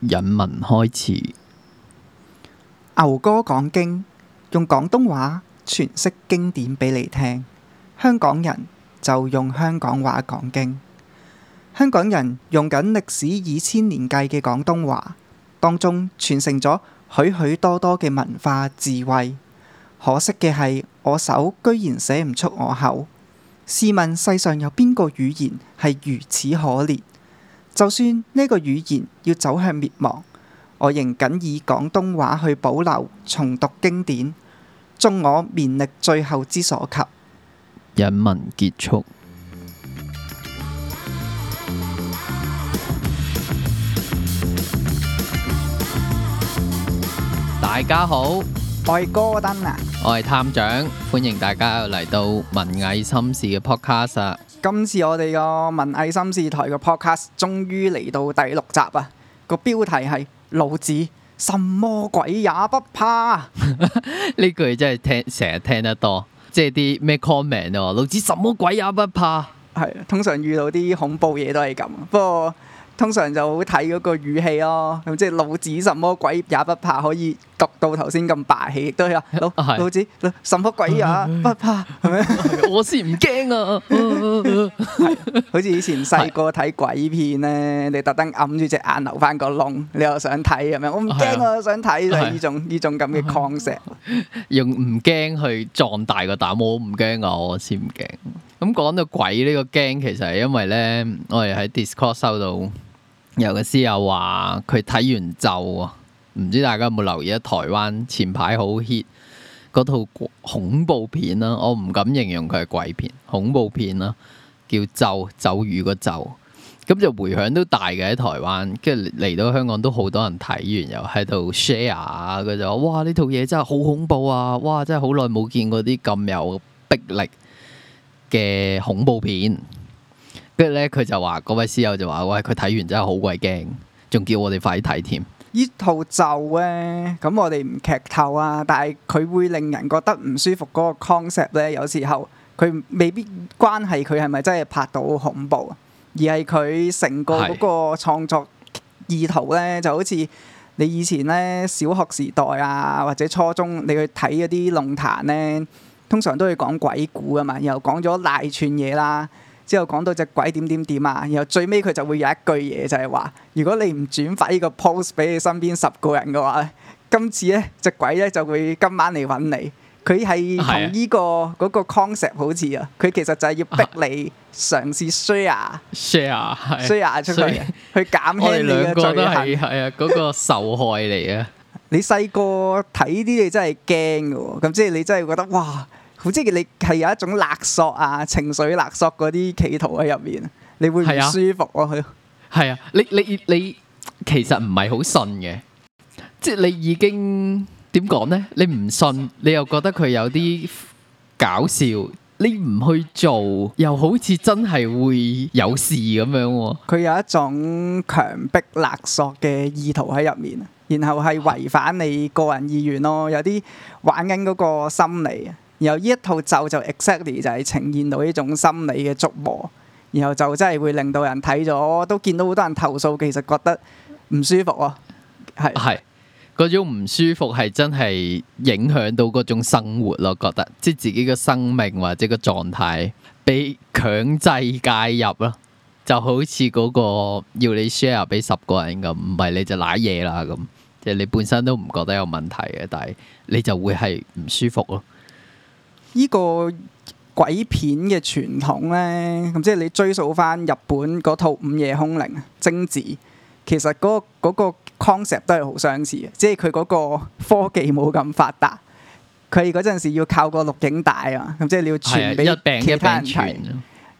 引文開始，牛哥講經，用廣東話詮釋經典俾你聽。香港人就用香港話講經。香港人用緊歷史以千年計嘅廣東話，當中傳承咗許許多多嘅文化智慧。可惜嘅係，我手居然寫唔出我口。試問世上有邊個語言係如此可憐？就算呢個語言要走向滅亡，我仍僅以廣東話去保留、重讀經典，終我綿力最後之所及。引文結束。 大家好，我係戈登啊！我係探長，歡迎大家又嚟到文藝心事嘅 podcast。今次我哋個文藝心事台嘅 podcast 終於嚟到第六集啊！個標題係老子什麼鬼也不怕，呢 句真係聽成日聽得多，即係啲咩 comment 啊？「老子什麼鬼也不怕」，係，通常遇到啲恐怖嘢都係咁，不過通常就好睇嗰個語氣咯，即係老子什麼鬼也不怕可以。讀到頭先咁霸氣，亦都係啊，老子，什麼鬼也，不怕係咪？我先唔驚啊，好似以前細個睇鬼片咧， 你特登揞住隻眼留翻個窿，你又想睇咁樣，我唔驚，我都想睇呢種呢種咁嘅概念，用唔驚去壯大個膽，我唔驚啊，我先唔驚。咁講到鬼呢個驚，其實係因為咧，我哋喺 Discord 收到有個師友話佢睇完咒。唔知大家有冇留意？喺台灣前排好 hit 嗰套恐怖片啦，我唔敢形容佢係鬼片，恐怖片啦，叫《咒》，咒語個咒，咁就回響都大嘅喺台灣，跟住嚟到香港都好多人睇完，又喺度 share 佢就話：哇呢套嘢真係好恐怖啊！哇，真係好耐冇見過啲咁有逼力嘅恐怖片。跟住咧，佢就話嗰位師友就話：喂，佢睇完真係好鬼驚，仲叫我哋快啲睇添。呢套咒咧，咁我哋唔劇透啊，但係佢會令人覺得唔舒服嗰個 concept 咧，有時候佢未必關係佢係咪真係拍到恐怖，而係佢成個嗰個創作意圖咧，是 就好似你以前咧，小學時代啊，或者初中你去睇嗰啲論壇咧，通常都會講鬼故啊嘛，又講咗賴串嘢啦。之後講到隻鬼點點點啊，然後最尾佢就會有一句嘢就係話：如果你唔轉發呢個 post 俾你身邊十個人嘅話，今次咧隻鬼咧就會今晚嚟揾你。佢係同呢個嗰是、啊、個 concept 好似啊，佢其實就係要逼你嘗試 share share share 出去，以去減輕你嘅罪行。係 啊，嗰、那個受害嚟啊 你細個睇啲嘢真係驚嘅喎，咁即係你真係覺得哇～好，即係你係有一種勒索啊，情緒勒索嗰啲企圖喺入面，你會唔舒服咯、啊啊？佢係 啊，你你你其實唔係好信嘅，即係你已經點講呢？你唔信，你又覺得佢有啲搞笑，你唔去做，又好似真係會有事咁樣、啊。佢有一種強迫勒索嘅意圖喺入面，然後係違反你個人意願咯，啊、有啲玩緊嗰個心理然後呢一套就就 exactly 就係呈現到呢種心理嘅捉摸，然後就真係會令到人睇咗都見到好多人投訴，其實覺得唔舒服啊。係嗰種唔舒服係真係影響到嗰種生活咯，覺得即係自己嘅生命或者個狀態被強制介入咯，就好似嗰個要你 share 俾十個人咁，唔係你就瀨嘢啦咁，即係你本身都唔覺得有問題嘅，但係你就會係唔舒服咯。呢個鬼片嘅傳統呢，咁即係你追溯翻日本嗰套《午夜凶鈴》啊，《貞子》，其實嗰、嗰、嗰個 concept、嗰個、都係好相似嘅，即係佢嗰個科技冇咁發達，佢嗰陣時要靠個錄影帶啊，咁即係你要傳俾其他人睇。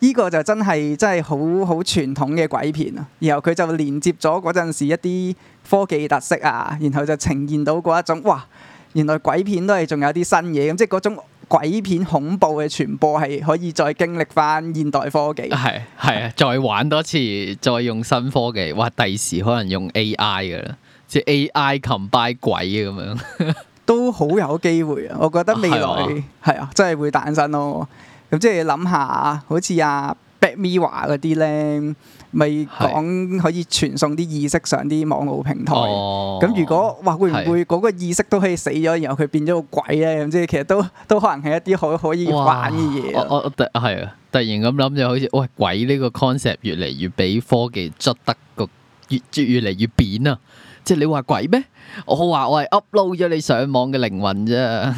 呢個就真係真係好好傳統嘅鬼片啊，然後佢就連接咗嗰陣時一啲科技特色啊，然後就呈現到嗰一種哇，原來鬼片都係仲有啲新嘢咁，即係嗰鬼片恐怖嘅傳播係可以再經歷翻現代科技， 係係啊，再玩多次，再用新科技，哇！第時可能用 AI 嘅啦，即係 AI combine 鬼咁樣， 都好有機會啊！我覺得未來係 的啊，真係會誕生咯。咁即係諗下好似阿 Batman 嗰啲咧。咪講可以傳送啲意識上啲網絡平台，咁如果話會唔會嗰個意識都可以死咗，然後佢變咗個鬼咧？咁即係其實都都可能係一啲可可以玩嘅嘢。我係啊，突然咁諗，就好似喂鬼呢個 concept 越嚟越俾科技捉得個越越嚟越扁啊！即係你話鬼咩？我話我係 upload 咗你上網嘅靈魂啫。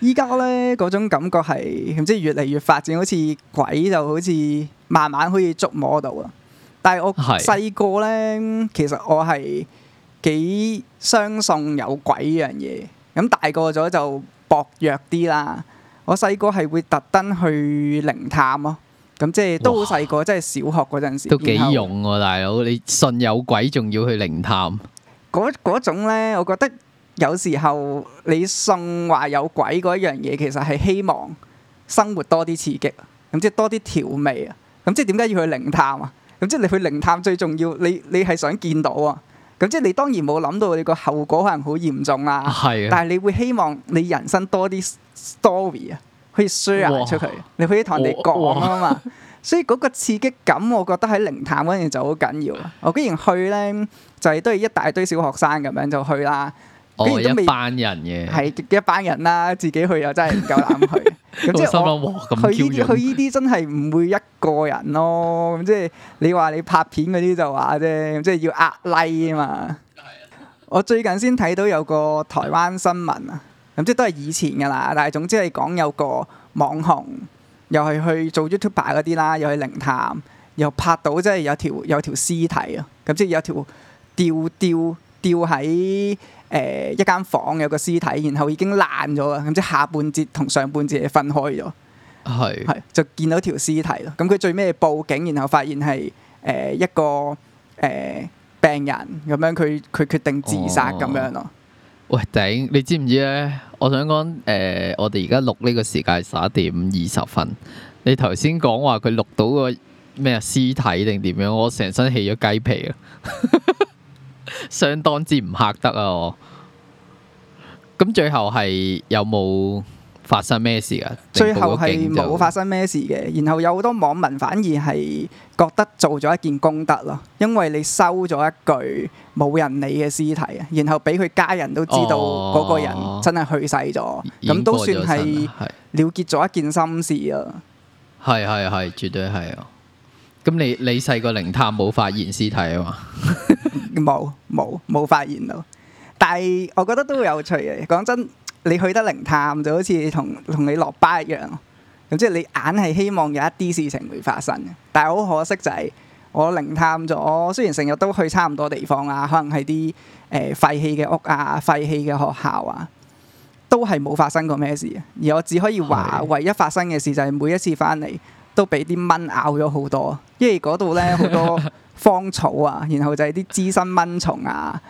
依家咧嗰種感覺係即係越嚟越發展，好似鬼就好似慢慢可以捉摸到啊！但係我細個咧，其實我係幾相信有鬼嗰樣嘢。咁大個咗就薄弱啲啦。我細個係會特登去靈探咯。咁即係都好細個，即係小學嗰陣時都幾勇喎，大佬你信有鬼，仲要去靈探嗰嗰種咧？我覺得有時候你信話有鬼嗰樣嘢，其實係希望生活多啲刺激，咁即係多啲調味啊。咁即係點解要去靈探啊？咁即係你去靈探最重要，你你係想見到啊！咁即係你當然冇諗到你個後果可能好嚴重啦。係，是的 但係你會希望你人生多啲 story 啊，可以 share 出去，哇 你可以同人哋講啊嘛。哇哇所以嗰個刺激感，我覺得喺靈探嗰樣就好緊要。啊。 我居然去咧，就係都係一大堆小學生咁樣就去啦。居然都未班人嘅係一班人啦，人自己去又真係唔夠膽去。 咁即係我，佢呢佢呢啲真係唔會一個人咯。咁即係你話你拍片嗰啲就話啫，即係要壓例啊嘛。 我最近先睇到有個台灣新聞啊，咁即係都係以前㗎喇。但係總之係講有個網紅，又係去做 YouTuber 嗰啲啦，又去靈探，又拍到即係有條有條屍體啊。咁即係有條吊吊吊喺。誒、呃，一間房間有個屍體，然後已經爛咗啊！咁即係下半截同上半截係分開咗，係係是就見到條屍體咯。咁佢最尾係報警，然後發現係誒、呃、一個誒、呃、病人咁樣，佢佢決定自殺咁、哦、樣咯。喂，頂！你知唔知咧？我想講誒、呃，我哋而家錄呢個時間係十一點二十分，你頭先講話佢錄到個咩屍體定點樣？我成身起咗雞皮啊！ 相當之唔吓得啊！我咁最後係有冇發生咩事噶最後係冇發生咩事嘅，然後有好多網民反而係覺得做咗一件功德咯，因為你收咗一具冇人理嘅屍體，然後俾佢家人都知道嗰個人真係去世咗，咁、哦、都算係了結咗一件心事啊！係係係，絕對係。咁你你細個靈探冇發現屍體啊嘛？ 冇冇冇發現到，但係我覺得都有趣嘅。講真，你去得靈探就好似同同你落巴一樣。咁即係硬係希望有一啲事情會發生嘅，但係好可惜就係我靈探咗。雖然成日都去差唔多地方啊，可能係啲誒廢棄嘅屋啊、廢棄嘅學校啊，都係冇發生過咩事。而我只可以話，唯一發生嘅事就係每一次翻嚟都俾啲蚊咬咗好多，因為嗰度呢好多。 荒草啊，然後就係啲滋生蚊蟲啊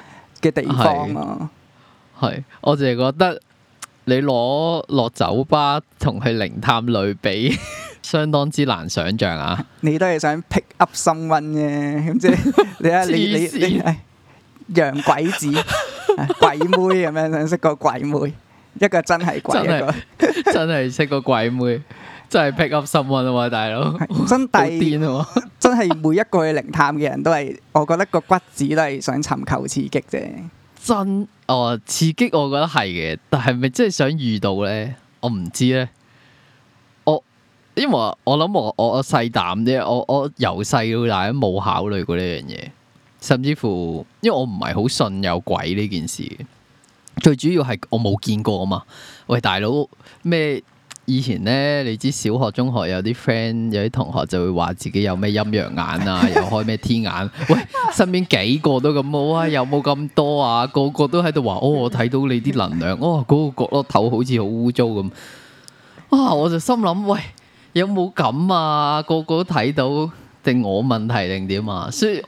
嘅地方啊。係，我淨係覺得你攞落酒吧同去靈探類比，相當之難想象啊你想！ 你都係想 pick up someone 啫，咁即係你啊你你你、哎，洋鬼子鬼妹咁樣 想識個鬼妹，一個真係鬼真的， 真係識個鬼妹。真係劈吸十萬啊，嘛大佬！真癲啊！真係每一個去靈探嘅人都係，我覺得個骨子都係想尋求刺激啫 。真哦，刺激我覺得係嘅，但係咪真係想遇到呢？我唔知呢。我因為我我諗我我我細膽啲，我我由細到大都冇考慮過呢樣嘢，甚至乎因為我唔係好信有鬼呢件事。最主要係我冇見過啊嘛。喂，大佬咩？以前呢，你知小學、中學有啲 friend、有啲同學就會話自己有咩陰陽眼啊，又開咩天眼。喂，身邊幾個都咁好啊，又冇咁多啊，個個都喺度話：哦，我睇到你啲能量。哦，嗰個角落頭好似好污糟咁。啊！我就心諗：喂，有冇咁啊？個個都睇到定我問題定點啊？所以。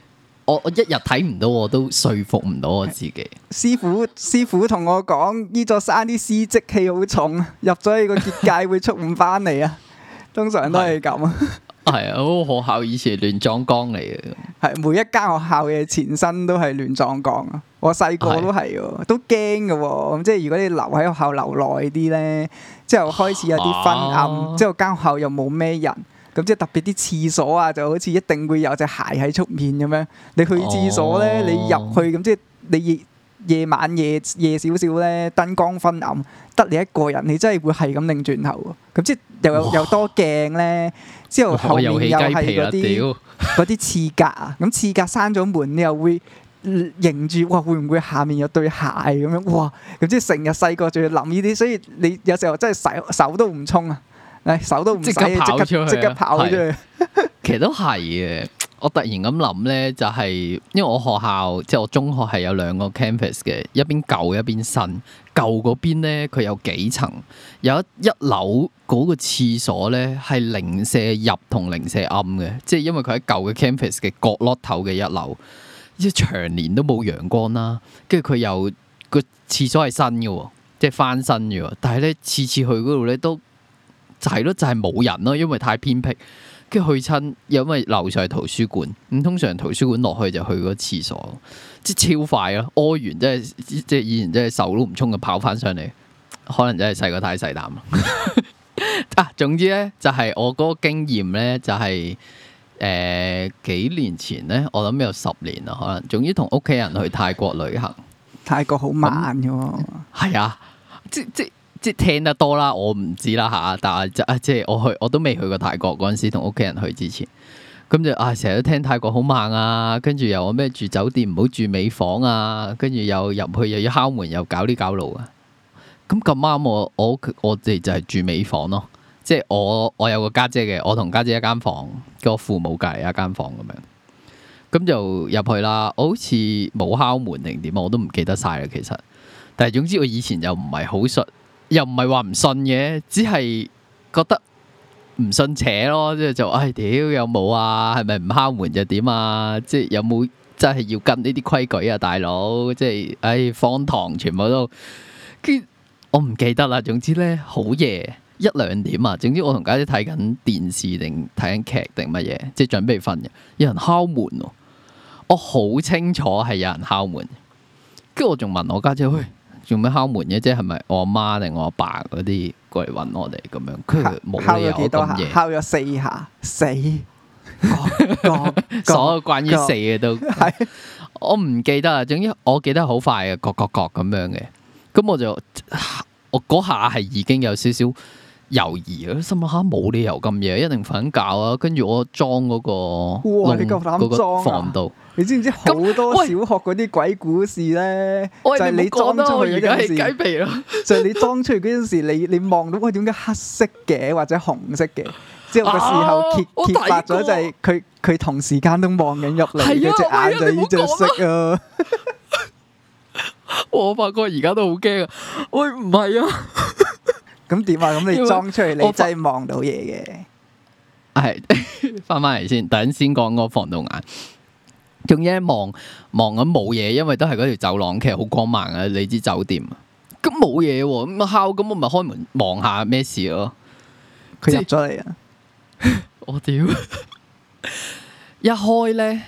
我我一日睇唔到我，我都說服唔到我自己。師傅師傅同我講：呢 座山啲屍積氣好重啊！入咗去個結界會出唔翻嚟啊！通常都係咁啊。係啊， 嗰個學校以前亂葬崗嚟嘅。係每一間學校嘅前身都係亂葬崗啊！我細個是都係，都驚嘅。咁即係如果你留喺學校留耐啲咧，之後開始有啲昏暗，啊、之後間學校又冇咩人。咁即係特別啲廁所啊，就好似一定會有隻鞋喺出面咁樣。你去廁所咧，哦、你入去咁即係你夜，夜晚夜夜少少咧，燈光昏暗，得你一個人，你真係會係咁擰轉頭。咁即係又有哇 有多鏡咧，之後後面又係嗰啲嗰啲廁格啊。咁廁格閂咗門，你又會凝住哇？會唔會下面有對鞋咁樣？哇！咁即係成日細個仲要諗呢啲，所以你有時候真係手手都唔沖啊！誒，手都唔使即刻跑出去，即刻，刻跑出去是。 其實都係嘅。我突然咁諗呢，就係、是、因為我學校即係、就是、我中學係有兩個 campus 嘅，一邊舊一邊新。舊嗰邊呢，佢有幾層，有一一樓嗰個廁所呢，係零射入同零舍暗嘅，即係因為佢喺舊嘅 campus 嘅角落頭嘅一樓，即係長年都冇陽光啦。跟住佢又個廁所係新嘅，即、就、係、是、翻新嘅。但係呢，次次去嗰度呢都。就係咯，就係冇人咯，因為太偏僻，跟住去親，又因為樓上係圖書館，咁通常圖書館落去就去嗰個廁所，即係超快咯，屙完即係即係以前即係手都唔沖就跑翻上嚟，可能真係細個太細膽啦。啊，總之咧就係我嗰個經驗咧就係，誒幾年前咧我諗有十年啦，可能總之同屋企人去泰國旅行，泰國好慢㗎喎，係啊，即即。即係聽得多啦，我唔知啦吓，但係即係我去我都未去過泰國嗰陣時，同屋企人去之前，咁就啊成日都聽泰國好猛啊，跟住又話咩住酒店唔好住尾房啊，跟住又入去又要敲門又搞呢搞路啊，咁咁啱我我我哋就係住尾房咯，即係我我有個家姐嘅，我同家姐一間房，個父母隔離一間房咁樣，咁就入去啦，我好似冇敲門定點啊，我都唔記得晒啦其實，但係總之我以前又唔係好熟。又唔係話唔信嘅，只係覺得唔信邪咯，即係就唉、是哎，屌有冇啊？係咪唔敲門就點啊？即係有冇真係要跟呢啲規矩啊，大佬？即係唉，荒、哎、唐，放堂全部都跟我唔記得啦。總之呢，好夜一兩點啊。總之我同家姐睇緊電視定睇緊劇定乜嘢，即係準備瞓嘅。有人敲門喎、啊，我好清楚係有人敲門。跟住我仲問我家姐喂！哎」做咩敲門嘅啫？係咪我阿媽定我阿爸嗰啲過嚟揾我哋咁樣？佢冇理由咁夜，敲咗四下，四。 所有關於四嘅都係，各 我唔記得啦。總之我記得好快嘅，各各各咁樣嘅。咁我就我嗰下係已經有少少猶豫。啦，心諗吓冇理由咁夜一定瞓緊覺啦、啊。跟住我裝嗰個，哇喂！你咁你知唔知好多小學嗰啲鬼故事咧，喂就係你裝出去嗰陣時，就係你裝出去嗰陣時，你你望到，喂，點解黑色嘅或者紅色嘅，之後個時候揭揭發咗，就係佢佢同時間都望緊入嚟嘅隻眼，就呢隻色啊！我發覺而家都好驚啊！喂，唔係啊？咁點啊？咁你裝出嚟，你真係望到嘢嘅。係翻翻嚟先，等先講個防盜眼。仲一望望緊冇嘢，因為都係嗰條走廊，其實好光猛嘅。你知酒店，咁冇嘢喎。咁敲，咁我咪開門望下咩事咯。佢入咗嚟啊！我屌嗎， 一開咧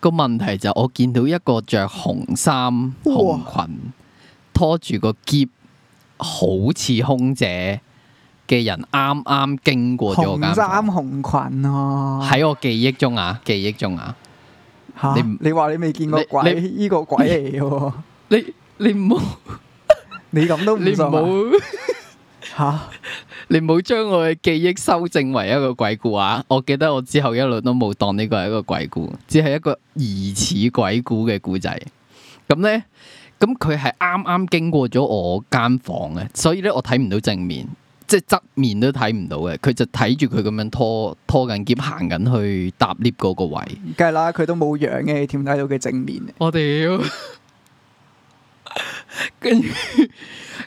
個問題就我見到一個着紅衫紅裙哇拖住個喼，好似空姐嘅人，啱啱經過咗我間房。紅衫紅裙哦、啊，喺我記憶中啊，記憶中啊。哈你你話你未見過鬼，你呢個鬼嚟嘅？你 你唔好你咁都唔好。吓，你唔好將我嘅記憶修正為一個鬼故啊！我記得我之後一路都冇當呢個係一個鬼故，只係一個疑似鬼故嘅故仔。咁咧，咁佢係啱啱經過咗我間房嘅，所以咧我睇唔到正面。即係側面都睇唔到嘅，佢就睇住佢咁樣拖拖緊肩行緊去搭 lift 個位，梗係啦，佢都冇樣嘅，點睇到佢正面？我屌的， 跟住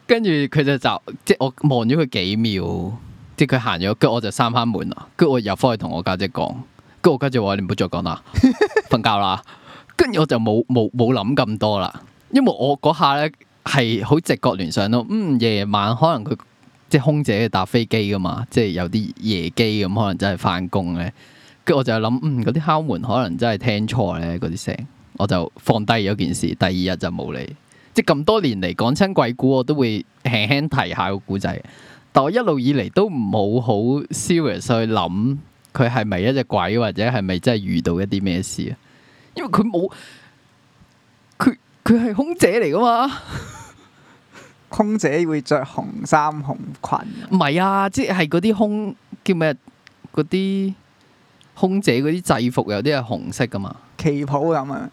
跟住佢就就即係我望咗佢幾秒，即係佢行咗，我我跟我就閂翻門啦。 跟住我入翻去同我家姐講，跟住我家姐話你唔好再講啦，瞓覺啦。跟住我就冇冇冇諗咁多啦，因為我嗰下咧係好直覺聯想到，嗯，夜晚可能佢。即係空姐搭飛機噶嘛，即係有啲夜機咁，可能真係翻工呢。跟住我就諗，嗯，嗰啲敲門可能真係聽錯呢，嗰啲聲，我就放低咗件事。第二日就冇嚟。即係咁多年嚟講親鬼故，我都會輕輕提下個故仔。但我一路以嚟都冇好 serious 去諗佢係咪一隻鬼，或者係咪真係遇到一啲咩事啊？因為佢冇，佢佢係空姐嚟噶嘛。 空姐會着紅衫紅裙，唔係啊，即係嗰啲空叫咩？嗰啲空姐嗰啲制服有啲係紅色噶嘛？旗袍咁啊，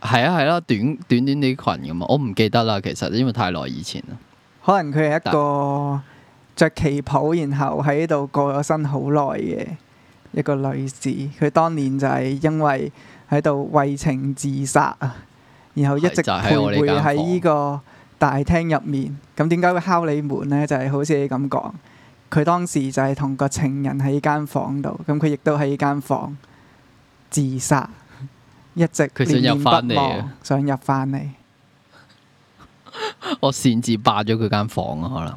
係啊，係啦，短短短啲裙咁啊，我唔記得啦。其實因為太耐以前啦，可能佢係一個着旗袍，然後喺呢度過咗身好耐嘅一個女士。佢當年就係因為喺度為情自殺啊，然後一直徘徊喺呢個。大廳入面，咁點解會敲你門呢？就係、是、好似你咁講，佢當時就係同個情人喺間房度，咁佢亦都喺間房間自殺，一直佢念念不忘，想入翻嚟。想入 我擅自霸咗佢間房啊！可能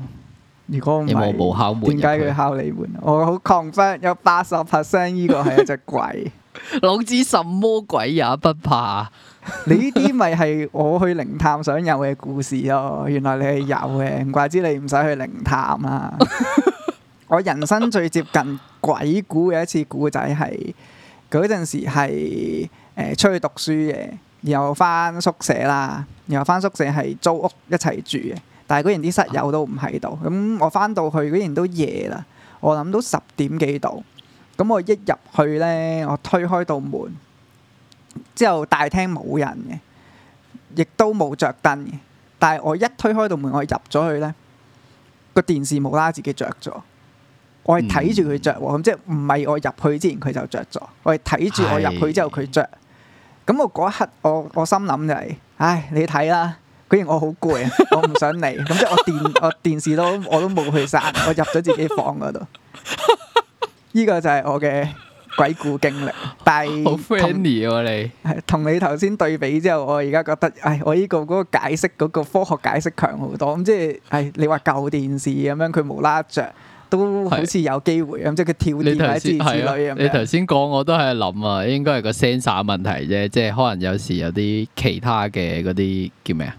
如果我冇敲門，點解佢敲你門？我好 confirm，有八十 percent 呢個係一隻鬼， 老子什麼鬼也不怕。你呢啲咪係我去靈探想有嘅故事咯，原來你係有嘅，唔怪之你唔使去靈探啊！ 我人生最接近鬼故嘅一次故仔係，嗰陣時係誒、呃、出去讀書嘅，然後翻宿舍啦，然後翻宿舍係租屋一齊住嘅，但係嗰陣啲室友都唔喺度，咁我翻到去嗰陣都夜啦，我諗到十點幾度，咁我一入去咧，我推開道門。之後大廳冇人嘅，亦都冇着燈嘅。但係我一推開度門，我入咗去呢，個電視冇啦啦自己着咗。我係睇住佢着，咁、嗯、即係唔係我入去之前佢就着咗。我係睇住我入去之後佢着。咁是我嗰一刻，我我心諗就係、是，唉，你睇啦。居然我好攰，我唔想嚟。咁 即係我電我電，我電視都我都冇去閂。我入咗自己房嗰度，呢、這個就係我嘅鬼故經歷，但係啊，很 friendly 同你，同你頭先對比之後，我而家覺得，唉，我呢個嗰個解釋，嗰、嗰個科學解釋強好多。咁即係，係你話舊電視咁樣，佢無啦着都好似有機會。咁即係佢跳電啊之類啊。類你頭先講我都係諗啊，應該係個 sensor 問題啫。即係可能有時有啲其他嘅嗰啲叫咩啊？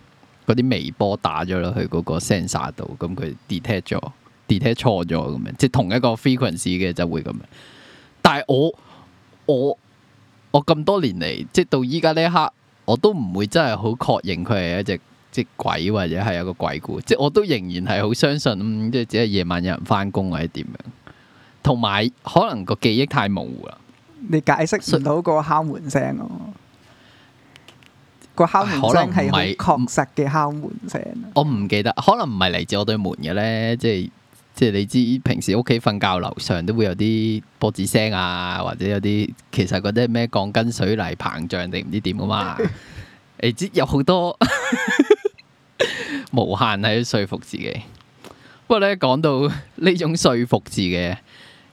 嗰啲微波打咗落去嗰個 sensor 度，咁佢 det detect 咗，detect 錯咗咁樣，即係同一個 frequency 嘅就會咁樣。但係我我我咁多年嚟，即到依家呢一刻，我都唔會真係好確認佢係一隻即鬼或者係一個鬼故，即我都仍然係好相信，嗯，即只係夜晚有人返工或者點樣，同埋可能個記憶太模糊啦，你解釋唔到個敲門聲咯，所以個敲門聲係好確實嘅敲門聲，我唔記得，可能唔係嚟自我對門嘅咧，即係。即係你知平時屋企瞓覺，樓上都會有啲波子聲啊，或者有啲其實嗰啲咩鋼筋水泥膨脹定唔知點噶嘛？誒，知有好多無限喺說服自己。不過咧，講到呢種說服字嘅，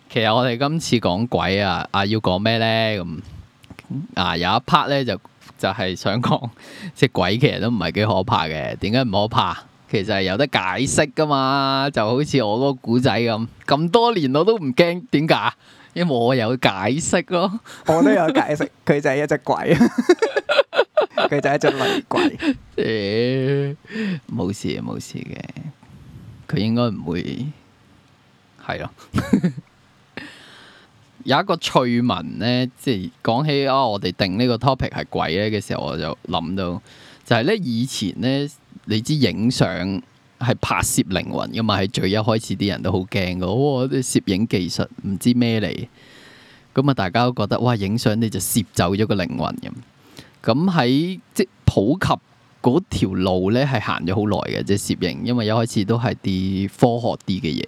其實我哋今次講鬼啊啊，要講咩咧？咁啊有一 part 咧就就係、是、想講，即係鬼其實都唔係幾可怕嘅，點解唔可怕？其實係有得解釋㗎嘛，就好似我嗰個古仔咁，咁多年我都唔驚，點解？因為我有解釋咯，我都有解釋。佢 就係一隻鬼，佢 就係一隻女鬼。誒， 冇事冇事嘅，佢應該唔會係咯。 有一個趣聞呢，即係講起、哦、我哋定呢個 topic 係鬼呢嘅時候，我就諗到就係呢以前呢。你知影相係拍攝靈魂噶嘛？係最一開始啲人都好驚噶，哇，啲攝影技術唔知咩嚟，咁啊大家都覺得哇，影相你就攝走咗個靈魂咁。咁喺即普及嗰條路呢，係行咗好耐嘅，即係攝影，因為一開始都係啲科學啲嘅嘢。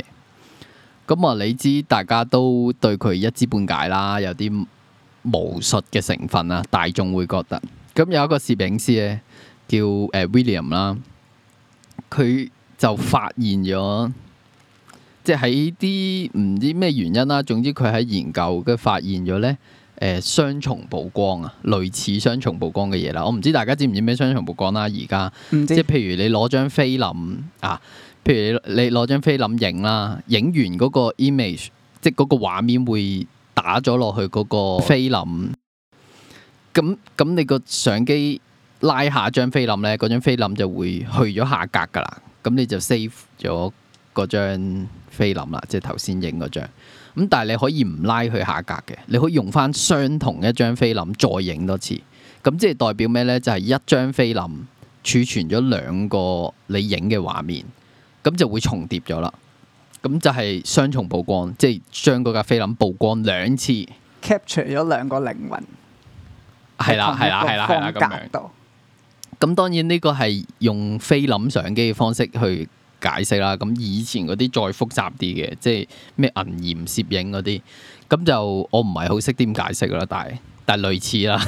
咁啊，你知大家都對佢一知半解啦，有啲巫術嘅成分啊，大眾會覺得，咁有一個攝影師呢，叫、呃、William 啦。佢就發現咗，即係喺啲唔知咩原因啦。總之佢喺研究嘅發現咗咧，誒、呃、雙重曝光啊，類似雙重曝光嘅嘢啦。我唔知大家知唔知咩雙重曝光啦，啊。而家即係譬如你攞張菲林啊，譬如你攞張菲林影啦，影完嗰個 image，即係嗰個畫面會打咗落去嗰個菲林。咁咁，你個相機，拉下張菲林咧，嗰張菲林就會去咗下格噶啦，咁你就 save 咗嗰張菲林啦，即係頭先影嗰張。咁但係你可以唔拉去下格嘅，你可以用翻相同一張菲林再影多次。咁即係代表咩呢？就係一張菲林儲存咗兩個你影嘅畫面，咁就會重疊咗啦。咁就係雙重曝光，即係將嗰架菲林曝光兩次，capture 咗兩個靈魂。係啦，係啦，係啦，咁樣。咁當然呢個係用菲林相機嘅方式去解釋啦。咁以前嗰啲再複雜啲嘅，即係咩銀鹽攝影嗰啲，咁就我唔係好識點解釋㗎啦。但係但係類似啦，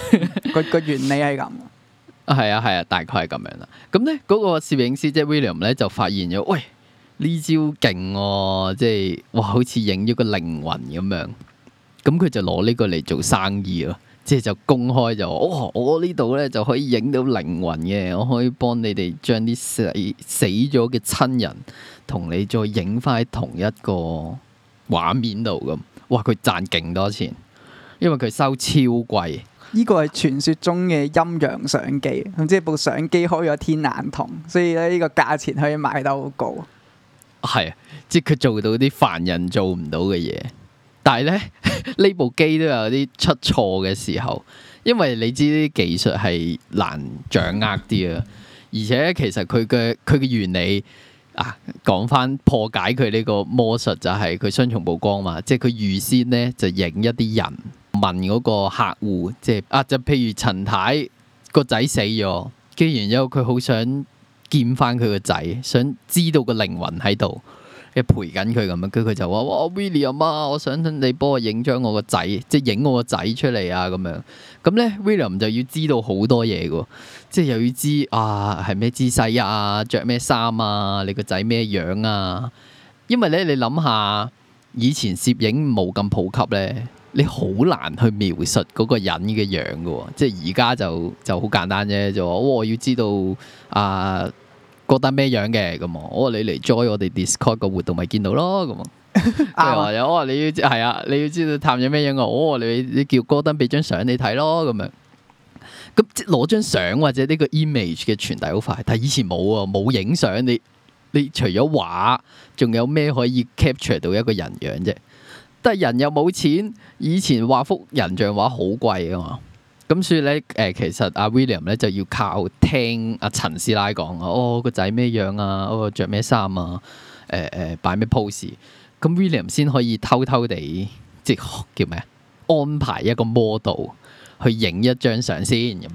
個 個原理係咁。係 啊係啊，大概係咁樣啦。咁呢嗰、嗰個攝影師即係 William 呢，就發現咗，喂呢招勁、啊，即係哇好似影咗個靈魂咁樣。咁佢就攞呢個嚟做生意咯。即係就公開就，哇、哦！我呢度咧就可以影到靈魂嘅，我可以幫你哋將啲死死咗嘅親人同你再影翻喺同一個畫面度咁。哇！佢賺勁多錢，因為佢收超貴。呢個係傳説中嘅陰陽相機，即係部相機開咗天眼瞳，所以咧呢個價錢可以賣得好高。係、啊，即係佢做到啲凡人做唔到嘅嘢。但係咧，呢 部機都有啲出錯嘅時候，因為你知啲技術係難掌握啲啊。而且其實佢嘅佢嘅原理啊，講翻破解佢呢個魔術就係佢雙重曝光嘛，即係佢預先呢就影一啲人問嗰個客戶，即係啊，就譬如陳太個仔死咗，跟住然之後佢好想見翻佢個仔，想知道個靈魂喺度。陪緊佢咁樣，跟住佢就話：哇，William 啊，我想你幫我影張我個仔，即係影我個仔出嚟啊，咁樣。咁咧，William 就要知道好多嘢噶，即係又要知啊係咩姿勢啊，着咩衫啊，你個仔咩樣啊？因為咧，你諗下以前攝影冇咁普及咧，你好難去描述嗰個人嘅樣噶，即係而家就就好簡單啫，就話我要知道啊。戈登咩樣嘅咁啊？我話你嚟 join 我哋 Discord 個活動咪見到咯咁啊！即係話有我話你要係啊，你要知道探咗咩樣啊？我話你你叫戈登俾張相你睇咯咁樣。咁即攞張相或者呢個 image 嘅傳遞好快，但係以前冇啊，冇影相，你你除咗畫，仲有咩可以 capture 到一個人樣啫？但係人又冇錢，以前畫幅人像畫好貴啊嘛。咁所以咧，誒其實阿 William 咧就要靠聽阿陳師奶講，哦個仔咩樣啊，哦着咩衫啊，誒誒、呃、擺咩 pose，咁 William 先可以偷偷地即係叫咩安排一個 model 去影一張相先咁樣，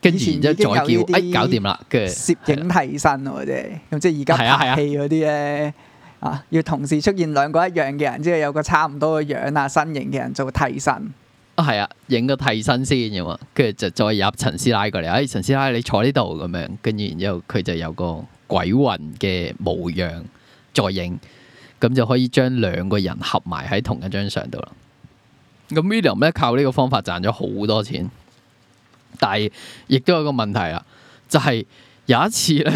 跟住然之後再叫，哎搞掂啦，跟住攝影替身或者咁即係而家啊，拍戲嗰啲咧啊，要同時出現兩個一樣嘅人，即係有個差唔多個樣啊身形嘅人做替身。啊，係啊，影個替身先嘅，跟住就再入陳師奶過嚟。哎，陳師奶你坐呢度咁樣，跟住然之後佢就有個鬼魂嘅模樣再影，咁就可以將兩個人合埋喺同一張相度啦。咁威廉咧靠呢個方法賺咗好多錢，但係亦都有個問題啊，就係、是、有一次咧，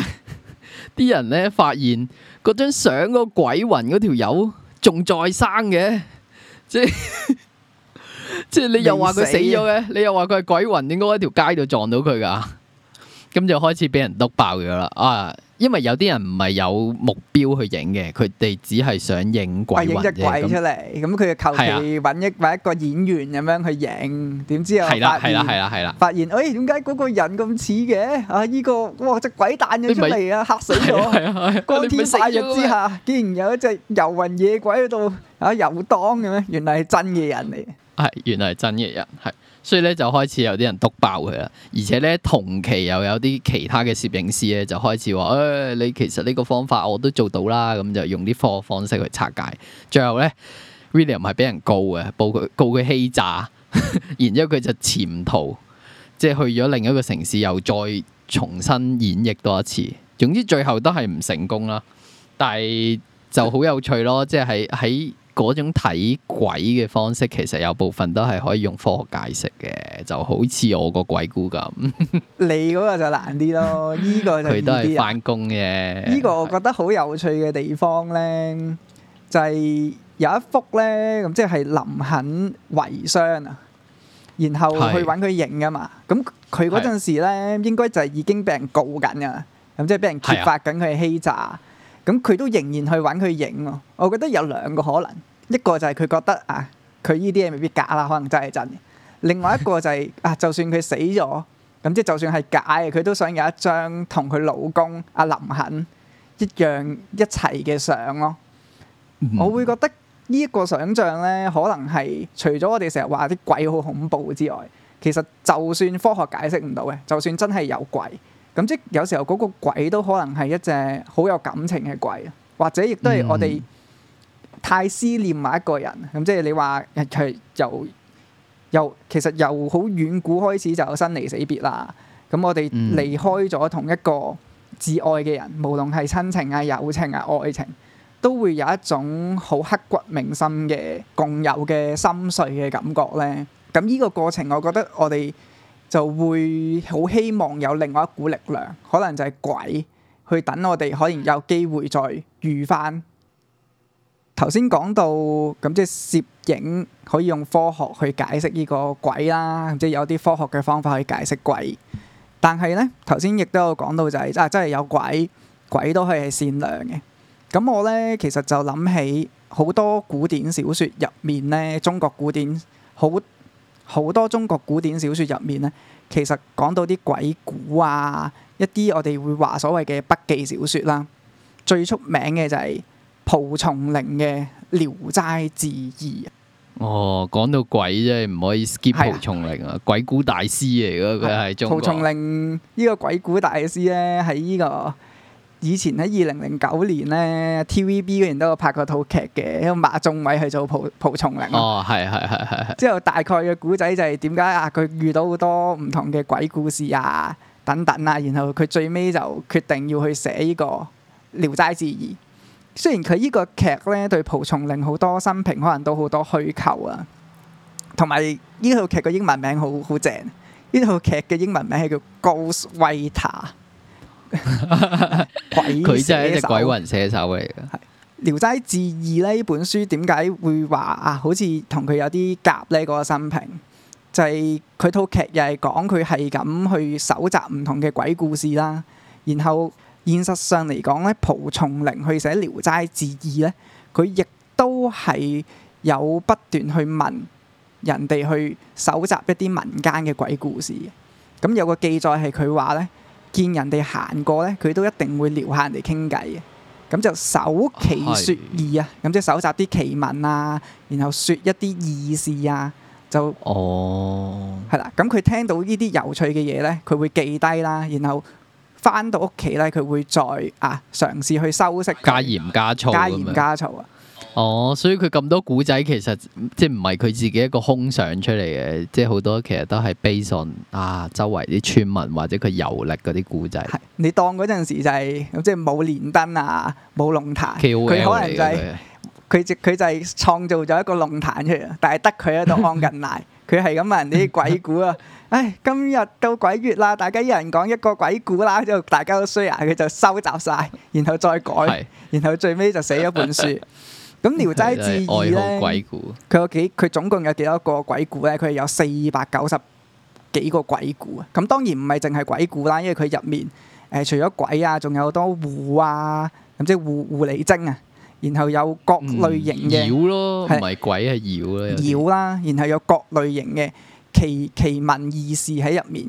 啲 人咧發現嗰張相嗰鬼魂嗰條友仲再生嘅，即係。 即係你又話佢死咗嘅，你又話佢係鬼魂，點解喺條街度撞到佢噶？咁就開始俾人篤爆咗啦啊！因為有啲人唔係有目標去影嘅，佢哋只係想影鬼，影隻鬼出嚟。咁佢就求其搵一搵一個演員咁樣去影，點知啊？係啦係啦係啦係啦，發現誒，點解嗰個人咁似嘅？啊，呢個哇，隻鬼彈咗出嚟啊，吓死咗！光天化日之下，竟然有一隻遊魂野鬼喺度啊遊蕩嘅咩？原嚟係真嘅人嚟。係，原來係真嘅人，係，所以咧就開始有啲人督爆佢啦，而且咧同期又有啲其他嘅攝影師咧就開始話，誒、哎，你其實呢個方法我都做到啦，咁就用啲科學方式去拆解，最後咧 William 係俾人告嘅，告佢告佢欺詐， 然之後佢就潛逃，即係去咗另一個城市又再重新演繹多一次，總之最後都係唔成功啦，但係就好有趣咯，即係喺。嗰種睇鬼嘅方式其實有部分都係可以用科學解釋嘅，就好似我個鬼故咁。 你嗰個就難啲咯，呢、呢個就難啲。佢 都係翻工嘅。呢個我覺得好有趣嘅地方咧，就係、是、有一幅咧，咁即係林肯遺孀啊，然後去揾佢影㗎嘛。咁佢嗰陣時咧，是應該就係已經俾人告緊啊，咁即係俾人揭發緊佢係欺詐。咁佢都仍然去揾佢影喎，我覺得有兩個可能，一個就係佢覺得啊，佢呢啲嘢未必假啦，可能真係真嘅；另外一個就係啊，就算佢死咗，咁即係就算係假嘅，佢都想有一張同佢老公阿林肯一樣一齊嘅相咯。我會覺得呢一個想像呢，可能係除咗我哋成日話啲鬼好恐怖之外，其實就算科學解釋唔到嘅，就算真係有鬼。咁即係有時候嗰個鬼都可能係一隻好有感情嘅鬼，或者亦都係我哋太思念埋一個人。咁即係你話係由由其實由好遠古開始就有生離死別啦。咁我哋離開咗同一個摯愛嘅人，無論係親情啊、友情啊、愛情，都會有一種好刻骨銘心嘅共有嘅心碎嘅感覺咧。咁呢個過程，我覺得我哋，就會好希望有另外一股力量，可能就係鬼，去等我哋可能有機會再遇翻。頭先講到咁即係攝影可以用科學去解釋呢個鬼啦，即係有啲科學嘅方法去解釋鬼。但係呢頭先亦都有講到就係啊，真係有鬼，鬼都可以係善良嘅。咁我呢其實就諗起好多古典小説入面呢，中國古典好。好多中國古典小説入面咧，其實講到啲鬼故啊，一啲我哋會話所謂嘅筆記小説啦，最出名嘅就係蒲松齡嘅《聊齋志異》啊。哦，講到鬼即係唔可以 skip 蒲松齡啊，鬼故大師嚟噶，佢係中國。蒲松齡呢個鬼故大師咧，喺呢個。以前喺二零零九年咧，TVB 嗰年都有拍過套劇嘅，因為馬忠偉去做蒲蒲松齡咯。哦，係係係係。之後大概嘅故仔就係點解啊？佢遇到好多唔同嘅鬼故事啊，等等啊，然後佢最尾就決定要去寫呢、呢個《聊齋誌異》。雖然佢呢個劇咧對蒲松齡好多生平可能都好多虛構啊，同埋呢套劇嘅英文名好好正。呢套劇嘅英文名係叫《Ghostwriter》。佢 寫手 就係一隻鬼魂寫手嚟嘅，義《聊齋誌異》呢本書點解會話啊？好似同佢有啲夾呢嗰，那個生平，就係、是、佢套劇又係講佢係咁去搜集唔同嘅鬼故事啦。然後，現實上嚟講咧，蒲松齡去寫《聊齋誌異》呢，佢亦都係有不斷去問人哋去搜集一啲民間嘅鬼故事。咁有個記載係佢話呢。見人哋行過咧，佢都一定會撩下人哋傾偈嘅。咁就搜奇説異啊，咁是即係蒐集啲奇聞啊，然後説一啲異事啊，就哦係啦。咁佢聽到呢啲有趣嘅嘢咧，佢會記低啦，然後返到屋企咧，佢會再啊嘗試去修飾，加鹽加醋，加鹽加醋啊！加哦，oh, 所以佢咁多古仔，其實即係唔係佢自己一個空想出嚟嘅，即係好多其實都係 based on 啊，周圍啲村民或者佢遊歷嗰啲古仔。你當嗰陣時就係、是、即係冇連登啊，冇龍潭，佢 K OL 可能就係、是、佢就佢就係創造咗一個龍潭出嚟，但係得佢喺度按緊奶，佢係咁問人哋啲鬼故啊，唉、哎，今日到鬼月啦，大家一人講一個鬼故啦，之後大家都衰啊，佢就收集晒，然後再改，是然後最尾就寫咗本書。咁《聊齋志異》咧，鬼故，佢有幾佢總共有幾多個鬼故咧？佢係有四百九十幾個鬼故啊！咁當然唔係淨係鬼故啦，因為佢入面誒、呃、除咗鬼啊，仲有好多狐啊，咁即係狐狐狸精啊，然後有各類型嘅、嗯、妖咯，唔係鬼係妖咧，妖啦，然後有各類型嘅奇奇聞異事喺入面。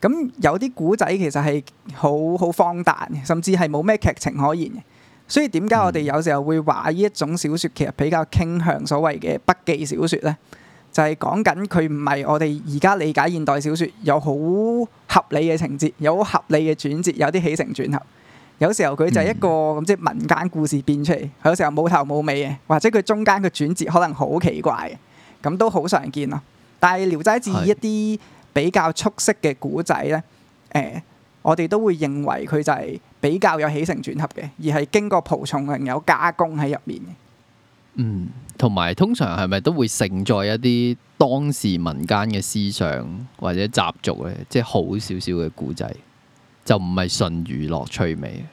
咁有啲古仔其實係好好荒誕，甚至係冇咩劇情可言。所以點解我哋有時候會話呢一種小説其實比較傾向所謂嘅筆記小説呢？就係講緊佢唔係我哋而家理解現代小説有好合理嘅情節，有好合理嘅轉折，有啲起承轉合。有時候佢就係一個咁、嗯、即民間故事變出嚟，有時候冇頭冇尾嘅，或者佢中間嘅轉折可能好奇怪嘅，咁都好常見啊。但係《聊齋誌異》一啲比較速食嘅古仔呢，我哋都會認為佢就係、係。比較有起承轉合嘅，而係經過蒲松齡，還有加工喺入面，嗯，同埋通常係咪都會盛載一啲當時民間嘅思想或者習俗呢？即係好少少嘅古仔，就唔係純娛樂趣味。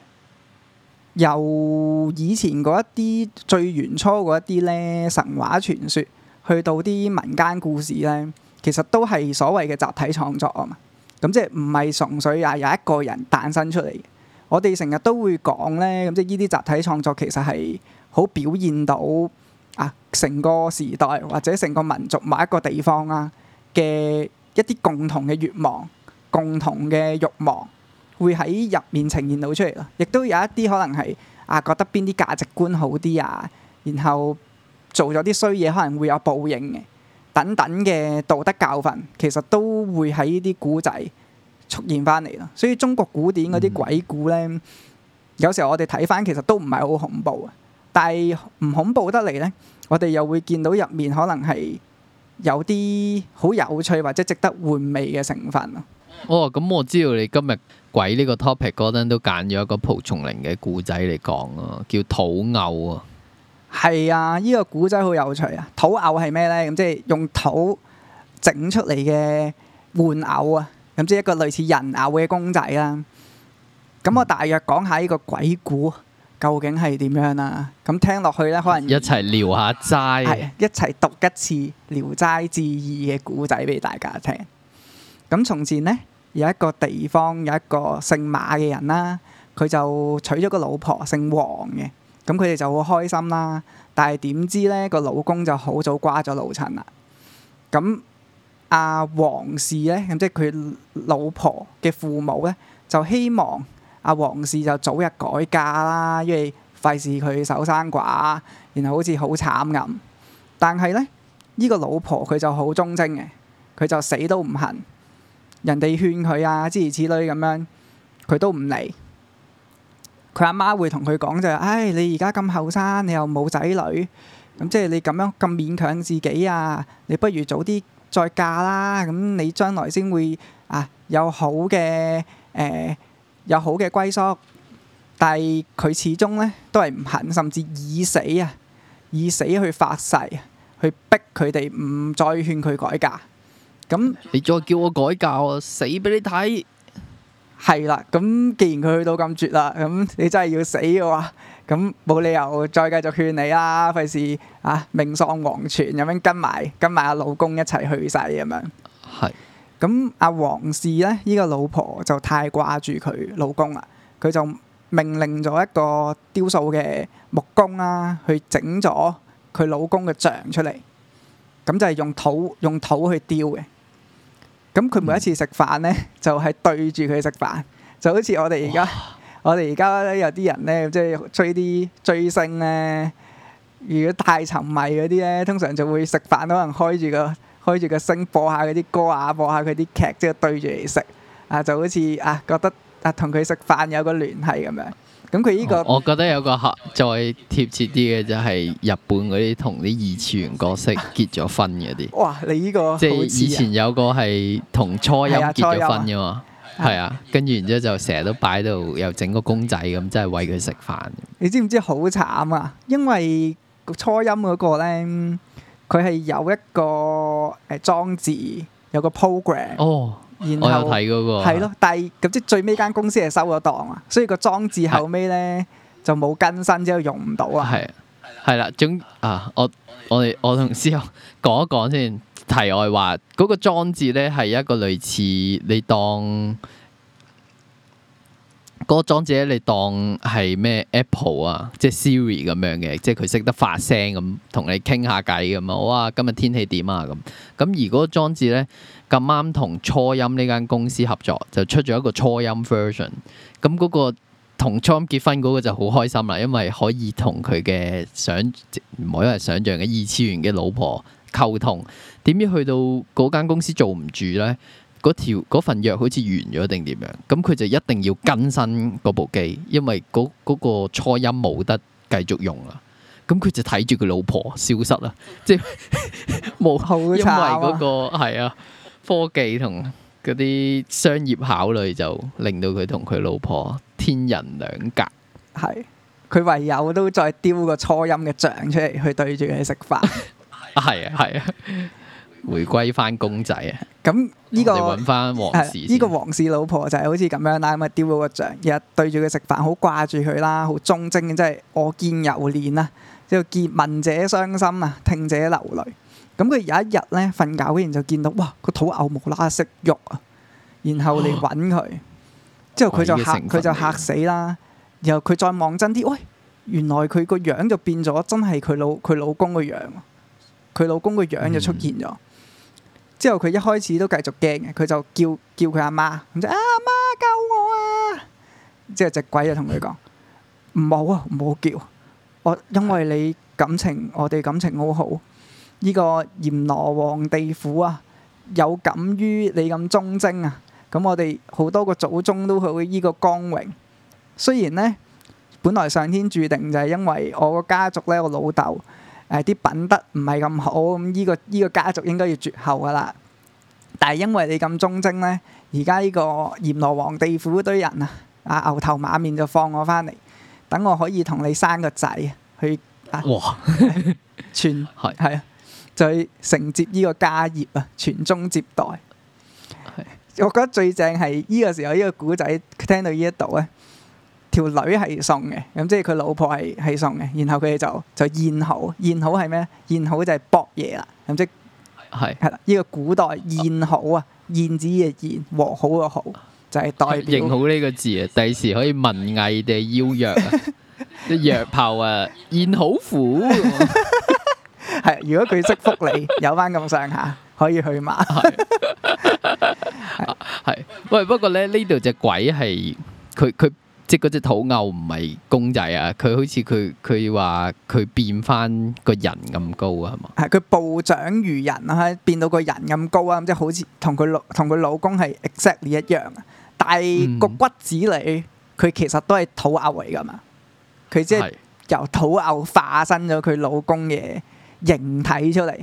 由以前嗰一啲最原初嗰一啲呢，神話傳說，去到啲民間故事呢，其實都係所謂嘅集體創作啊嘛。咁即係唔係純粹啊有一個人誕生出嚟。我哋成日都會講呢，咁即係呢啲集體創作其實係好表現到啊成個時代或者成個民族某一個地方啊嘅一啲共同嘅願望、共同嘅欲望，會喺入面呈現到出嚟啦。亦都有一啲可能係啊覺得邊啲價值觀好啲啊，然後做咗啲衰嘢可能會有報應嘅等等嘅道德教訓，其實都會喺呢啲古仔出現翻嚟啦，所以中國古典嗰啲鬼故咧，嗯、有時候我哋睇翻其實都唔係好恐怖啊。但係唔恐怖得嚟咧，我哋又會見到入面可能係有啲好有趣或者值得玩味嘅成分咯。哦，咁、嗯嗯嗯嗯、我知道你今日鬼呢個 topic 嗰陣都揀咗一個蒲松齡嘅故仔嚟講啊，叫土偶啊。係、嗯、啊，呢、這個故仔好有趣啊。土偶係咩咧？咁即係用土整出嚟嘅玩偶啊。咁即係一個類似人偶嘅公仔啦。咁我大約講下呢個鬼故究竟係點樣啦、啊。咁聽落去咧，可能一齊聊下齋，一齊讀一次《聊齋志異》嘅古仔俾大家聽。咁從前呢，有一個地方有一個姓馬嘅人啦，佢就娶咗個老婆姓黃嘅。咁佢哋就好開心啦。但係點知咧個老公就好早瓜咗老襯啦。咁阿王氏呢，咁即係佢老婆嘅父母呢，就希望阿王氏就早日改嫁啦，因為費事佢守生寡，然後好似好慘咁。但係呢，呢個老婆佢就好忠貞嘅，佢就死都唔肯。人哋勸佢啊，諸如此類咁樣，佢都唔嚟。佢阿媽會同佢講就係：唉，你而家咁後生，你又冇仔女，咁即係你咁樣咁勉強自己啊，你不如早啲，再嫁啦，咁你將來先會啊有好嘅，誒、呃、有好嘅歸宿，但係佢始終咧都係唔肯，甚至以死啊以死去發誓，去逼佢哋唔再勸佢改嫁。咁你再叫我改嫁、哦，死俾你睇。係啦，咁既然佢去到咁絕啦，咁你真係要死嘅話。咁冇理由再繼續勸你啦，費事啊，命喪黃泉咁樣跟埋跟埋阿老公一齊去世咁樣。係是。咁阿黃氏咧，呢、呢個老婆就太掛住佢老公啦，佢就命令咗一個雕塑嘅木工啦，去整咗佢老公嘅像出嚟。咁就係用土用土去雕嘅。咁佢每一次食飯咧，嗯、 就係對住佢食飯，就好似我哋而家。我哋而家咧，有啲人咧，即係追啲追星咧。如果太沉迷嗰啲咧，通常就會食飯都可能開住個開住個聲播下嗰啲歌啊，播下佢啲劇，即係對住嚟食啊，就好似啊覺得啊同佢食飯有個聯繫咁樣。咁佢呢個、哦、我覺得有個合再貼切啲嘅就係、是、日本嗰啲同啲二次元角色結咗婚嗰啲。哇！你呢個即係以前有個係同初音結咗婚嘅嘛？啊係啊，跟住、嗯啊、然之後就成日都擺到又整個公仔咁，真係餵佢食飯。你知唔知好慘啊？因為初音嗰個咧，佢係有一個誒裝置，有個 program。哦，然後我有睇過個。係咯，但係咁即最尾間公司係收咗檔啊，所以個裝置後尾咧就冇更新，之後用唔到啊。係，係啦，總啊，我我我同思友講一講先。題外話，嗰個裝置咧係一個類似你當嗰個裝置咧，你當係咩 Apple 啊，即係 Siri 咁樣嘅，即係佢識得發聲咁同你傾下偈咁啊！哇，今日天、天氣點啊咁咁？而嗰個裝置咧咁啱同初音呢間公司合作，就出咗一個初音 version。咁嗰個同初音結婚嗰個就好開心啦，因為可以同佢嘅想唔好因為想象嘅二次元嘅老婆溝通。點知去到嗰間公司做唔住呢？嗰條份約好似完咗定點樣？咁佢就一定要更新嗰部機，因為嗰嗰、嗰個初音冇得繼續用啦。咁佢就睇住佢老婆消失啦，即係冇後。因為嗰、嗰個係慘啊，啊，科技同嗰啲商業考慮就令到佢同佢老婆天人兩隔。係，佢唯有都再丟個初音嘅像出嚟去對住佢食飯。 啊，係啊，係啊。回歸翻公仔啊！咁呢、嗯，這個揾翻王氏，呢個王氏老婆就係好似咁樣，但係咪丟咗個像？日日對住佢食飯，好掛住佢啦，好忠貞，即係我見猶憐啊，之後見聞者傷心啊，聽者流淚。咁佢有一日咧瞓覺，竟然就見到哇個土偶無啦啦識喐啊！然後嚟揾佢，之、哦、後佢就嚇，佢就嚇死啦。然後佢再望真啲，喂，原來佢個樣就變咗，真係佢老佢老公個樣，佢老公個樣就出現咗。嗯之後佢一開始都繼續驚嘅，佢就叫叫佢阿媽，咁就阿媽救我啊！即係隻鬼就同佢講：唔好啊，唔好叫，我因為你感情，嗯、我哋感情好好，呢、呢個閻羅王地府啊，有感於你咁忠貞啊，咁我哋好多個祖宗都好呢個光榮。雖然呢，本來上天注定就係因為我個家族咧，我老豆。誒啲品德唔係咁好，咁呢個呢個家族應該要絕後噶啦。但係因為你咁忠貞咧，而家呢個閻羅王地府堆人啊，啊牛頭馬面就放我翻嚟，等我可以同你生個仔，去哇傳係係啊，就去承接呢個家業啊，傳宗接代。係，我覺得最正係呢個時候呢個古仔聽到呢一度啊！條女係送嘅，咁即係佢老婆係係送嘅，然後佢哋就就燕好，燕好係咩咧？燕好就係扑嘢啦，咁即係係啦，呢個古代燕好啊，燕子嘅燕、和好嘅好，就係代表好呢個字啊。第時可以文藝定係邀約，約炮啊，燕好苦。係，如果佢識福利，有翻咁上下，可以去買。係。喂，不過咧呢度只鬼係佢佢。即係嗰隻土偶唔係公仔啊！佢好似佢佢話佢變返個人咁高啊，係嘛？係佢暴長如人啊，變到個人咁高啊！即係好似同佢老同佢老公係 exactly 一樣啊！但係個骨子裏，佢其實都係土偶嚟㗎嘛。佢即係由土偶化身咗佢老公嘅形體出嚟。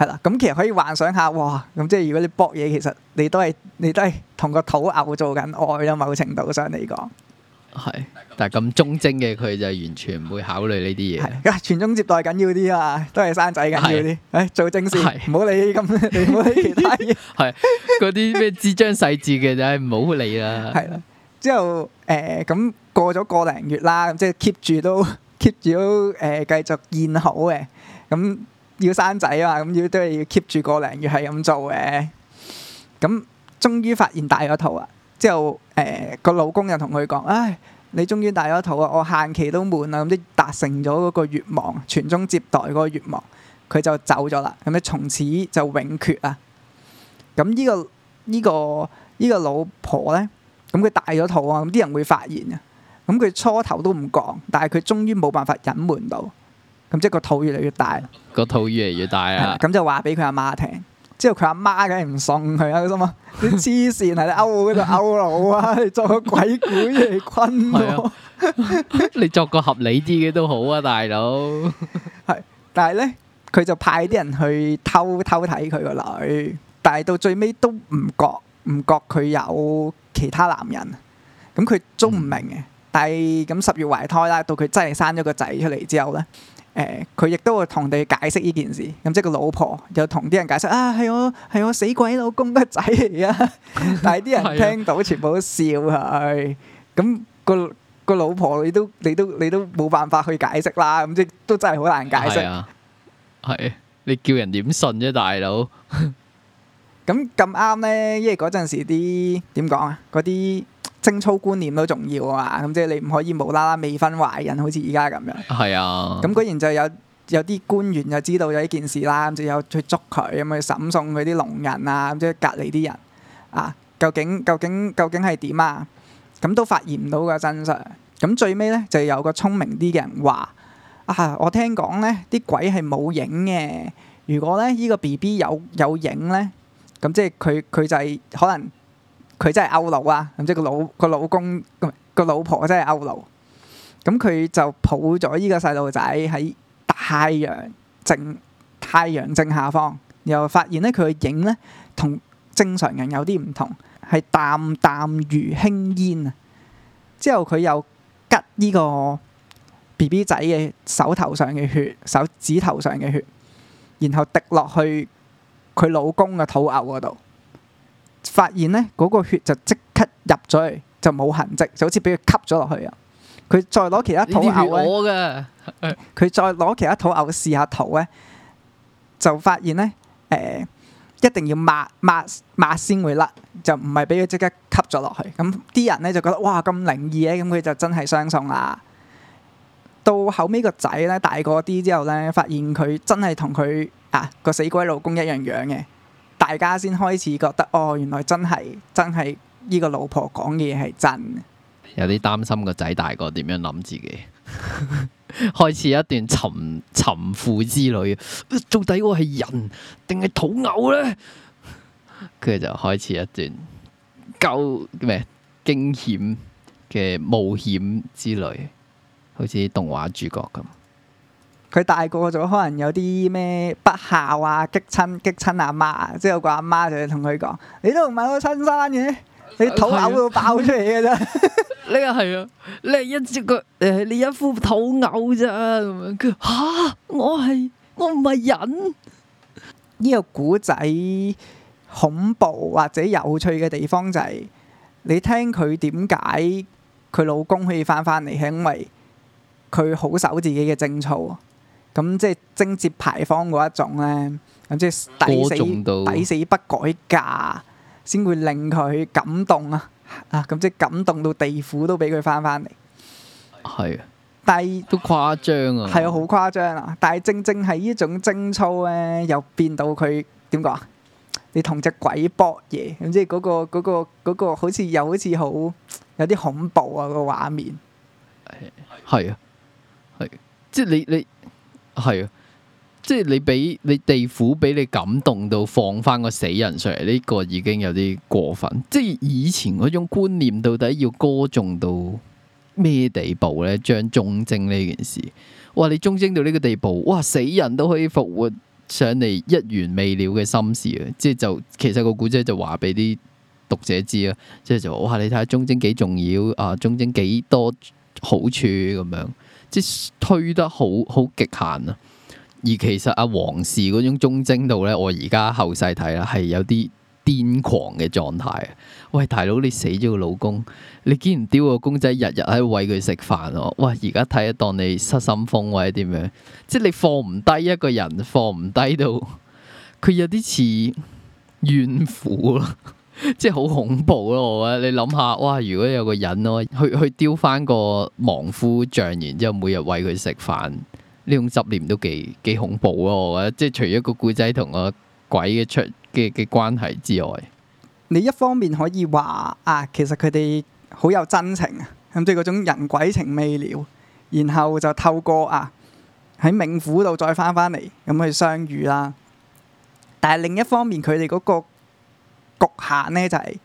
係啦，咁其實可以幻想下，哇！咁即係如果你扑嘢，其實你都係你都係同個土偶做緊愛啊，某程度上嚟講。係，但係咁忠貞嘅佢就完全唔會考慮呢啲嘢。啊，傳宗接代緊要啲啊，都係生仔緊要啲。唉，做正事，唔好理咁，你唔好理其他嘢。係，嗰啲咩智障細節嘅就係唔好理啦。係啦，之後誒咁過咗個零月啦，咁即係 keep 住都 keep 住都誒繼續現好嘅咁。要生仔啊嘛，咁要都係要 keep 住個零月係咁做嘅。咁終於發現大咗肚啊！之後誒個、呃、老公又同佢講：唉，你終於大咗肚啊！我限期都滿啦，咁、嗯、即達成咗嗰個願望，傳宗接代嗰個願望，佢就走咗啦。咁樣從此就永訣啊！咁呢、這個呢、這個呢、這個老婆咧，咁佢大咗肚啊，咁啲人會發現啊。咁佢初頭都唔講，但係佢終於冇辦法隱瞞到。咁即係個肚越嚟越大，個肚越嚟越大啊、嗯！咁就話俾佢阿媽聽，之後佢阿媽梗係唔送佢啦。佢心嘛，你黐線，喺度勾佬啊！你作個鬼鬼嚟坤我，你作個合理啲嘅都好啊，大佬。係， 但係咧，佢就派啲人去偷偷睇佢個女，但係到最尾都唔覺唔覺佢有其他男人。咁佢都唔明嘅，嗯、但係咁十月懷胎啦，到佢真係生咗個仔出嚟之後咧。誒，佢亦都會同你解釋呢件事。咁即係個老婆又同啲人解釋啊，係我係我死鬼老公嘅仔嚟啊！但係啲人聽到 全部都笑啊。咁、哎嗰個個老婆你都你都你都冇辦法去解釋啦。咁即都真係好難解釋。啊，係。你叫人點信啫、啊，大佬？咁咁啱咧，因為嗰陣時啲點講啊，嗰啲。貞操觀念都重要啊，咁即係你唔可以無啦啦未婚懷孕，好似而家咁樣。係啊，咁 果樂然就有有啲官員就知道咗呢件事啦，咁就有去捉佢，咁去審訊佢啲農人啊，咁即係隔離啲人啊。究竟究竟究竟係點啊？咁都發現唔到個真相。咁最尾咧就有個聰明啲嘅人話：啊，我聽講咧啲鬼係冇影嘅。如果咧呢、呢個 B B 有有影咧，咁即係佢佢就係可能。佢真係拗老啊！即係個老個老公個老婆真係拗老。咁佢就抱咗呢個細路仔喺太陽正太陽正下方，然後發現呢，佢嘅影呢同正常人有啲唔同，係淡淡如輕煙啊！之後佢又吉呢個 B B 仔嘅手頭上嘅血、手指頭上嘅血，然後滴落去佢老公嘅土偶嗰度。發現咧，嗰個血就即刻入咗去，就冇痕跡，就好似俾佢吸咗落去啊！佢再攞其他土偶，嘅，佢再攞其他土偶試下塗咧，就發現咧，誒、呃、一定要抹抹抹，抹先會甩，就唔係俾佢即刻吸咗落去。咁啲人咧就覺得哇咁靈異嘅！」咁佢就真係相信啦。到後尾個仔咧大個啲之後咧，發現佢真係同佢啊、嗰個死鬼老公一樣樣嘅。大家先開始覺得哦，原來真係真係呢個老婆講嘢係真。有啲擔心個仔大個點樣諗自己， 開始一段尋尋父之旅，啊。到底我係人定係土偶呢？跟 住就開始一段救咩驚險嘅冒險之旅，好似動畫主角咁。佢大個咗，可能有啲咩不孝啊，激親激親阿媽，之後個阿媽就要同佢講：你都唔係我親生嘅，你土偶到爆出嚟嘅啫。呢個係啊，呢一隻腳誒，你一副土偶咋，佢嚇我係我唔係人。呢個古仔恐怖或者有趣嘅地方就係、是、你聽佢點解佢老公可以翻翻嚟，係因為佢好守自己嘅貞操。咁即係貞節牌坊嗰一種咧，咁即係抵死抵死不改嫁，先會令佢感動啊！啊，咁即係感動到地府都俾佢翻返嚟。係啊的，但係都誇張啊！係啊，好誇張啊！但係正正係呢種貞操咧，又變到佢點講啊？你同隻鬼搏嘢，咁即係嗰個嗰個嗰個嗰個好似又好似好有啲恐怖啊、個畫面。係啊，係，即係你你。係，即係你俾你地府俾你感動到放翻個死人上嚟，呢、這個已經有啲過分。即係以前嗰種觀念到底要歌頌到咩地步呢？將忠貞呢件事，哇！你忠貞到呢個地步，哇！死人都可以復活上嚟，一緣未了嘅心事啊！即係就，其實個古仔就話俾啲讀者知啦。即係就，哇！你睇下忠貞幾重要啊！忠貞幾多好處咁樣。即推得好好極限啊！而其實阿、啊、王氏嗰種忠貞度咧，我而家後世睇啦，係有啲癲狂嘅狀態啊！喂，大佬你死咗個老公，你竟然丟個公仔日日喺度餵佢食飯咯、啊！喂，而家睇啊，當你失心瘋或者點樣？即係你放唔低一個人，放唔低到佢有啲似怨婦咯。即係好恐怖咯、啊，我覺得你諗下，哇！如果有個人咯，去去雕翻個亡夫像，然之後每日餵佢食飯，呢種執念都幾幾恐怖咯、啊，我覺得。即係除咗個古仔同個鬼嘅出嘅嘅關係之外，你一方面可以話啊，其實佢哋好有真情啊，咁即係嗰種人鬼情未了，然後就透過啊喺冥府度再翻返嚟，咁去相遇啦。但係另一方面，佢哋嗰個。局限呢就係、是、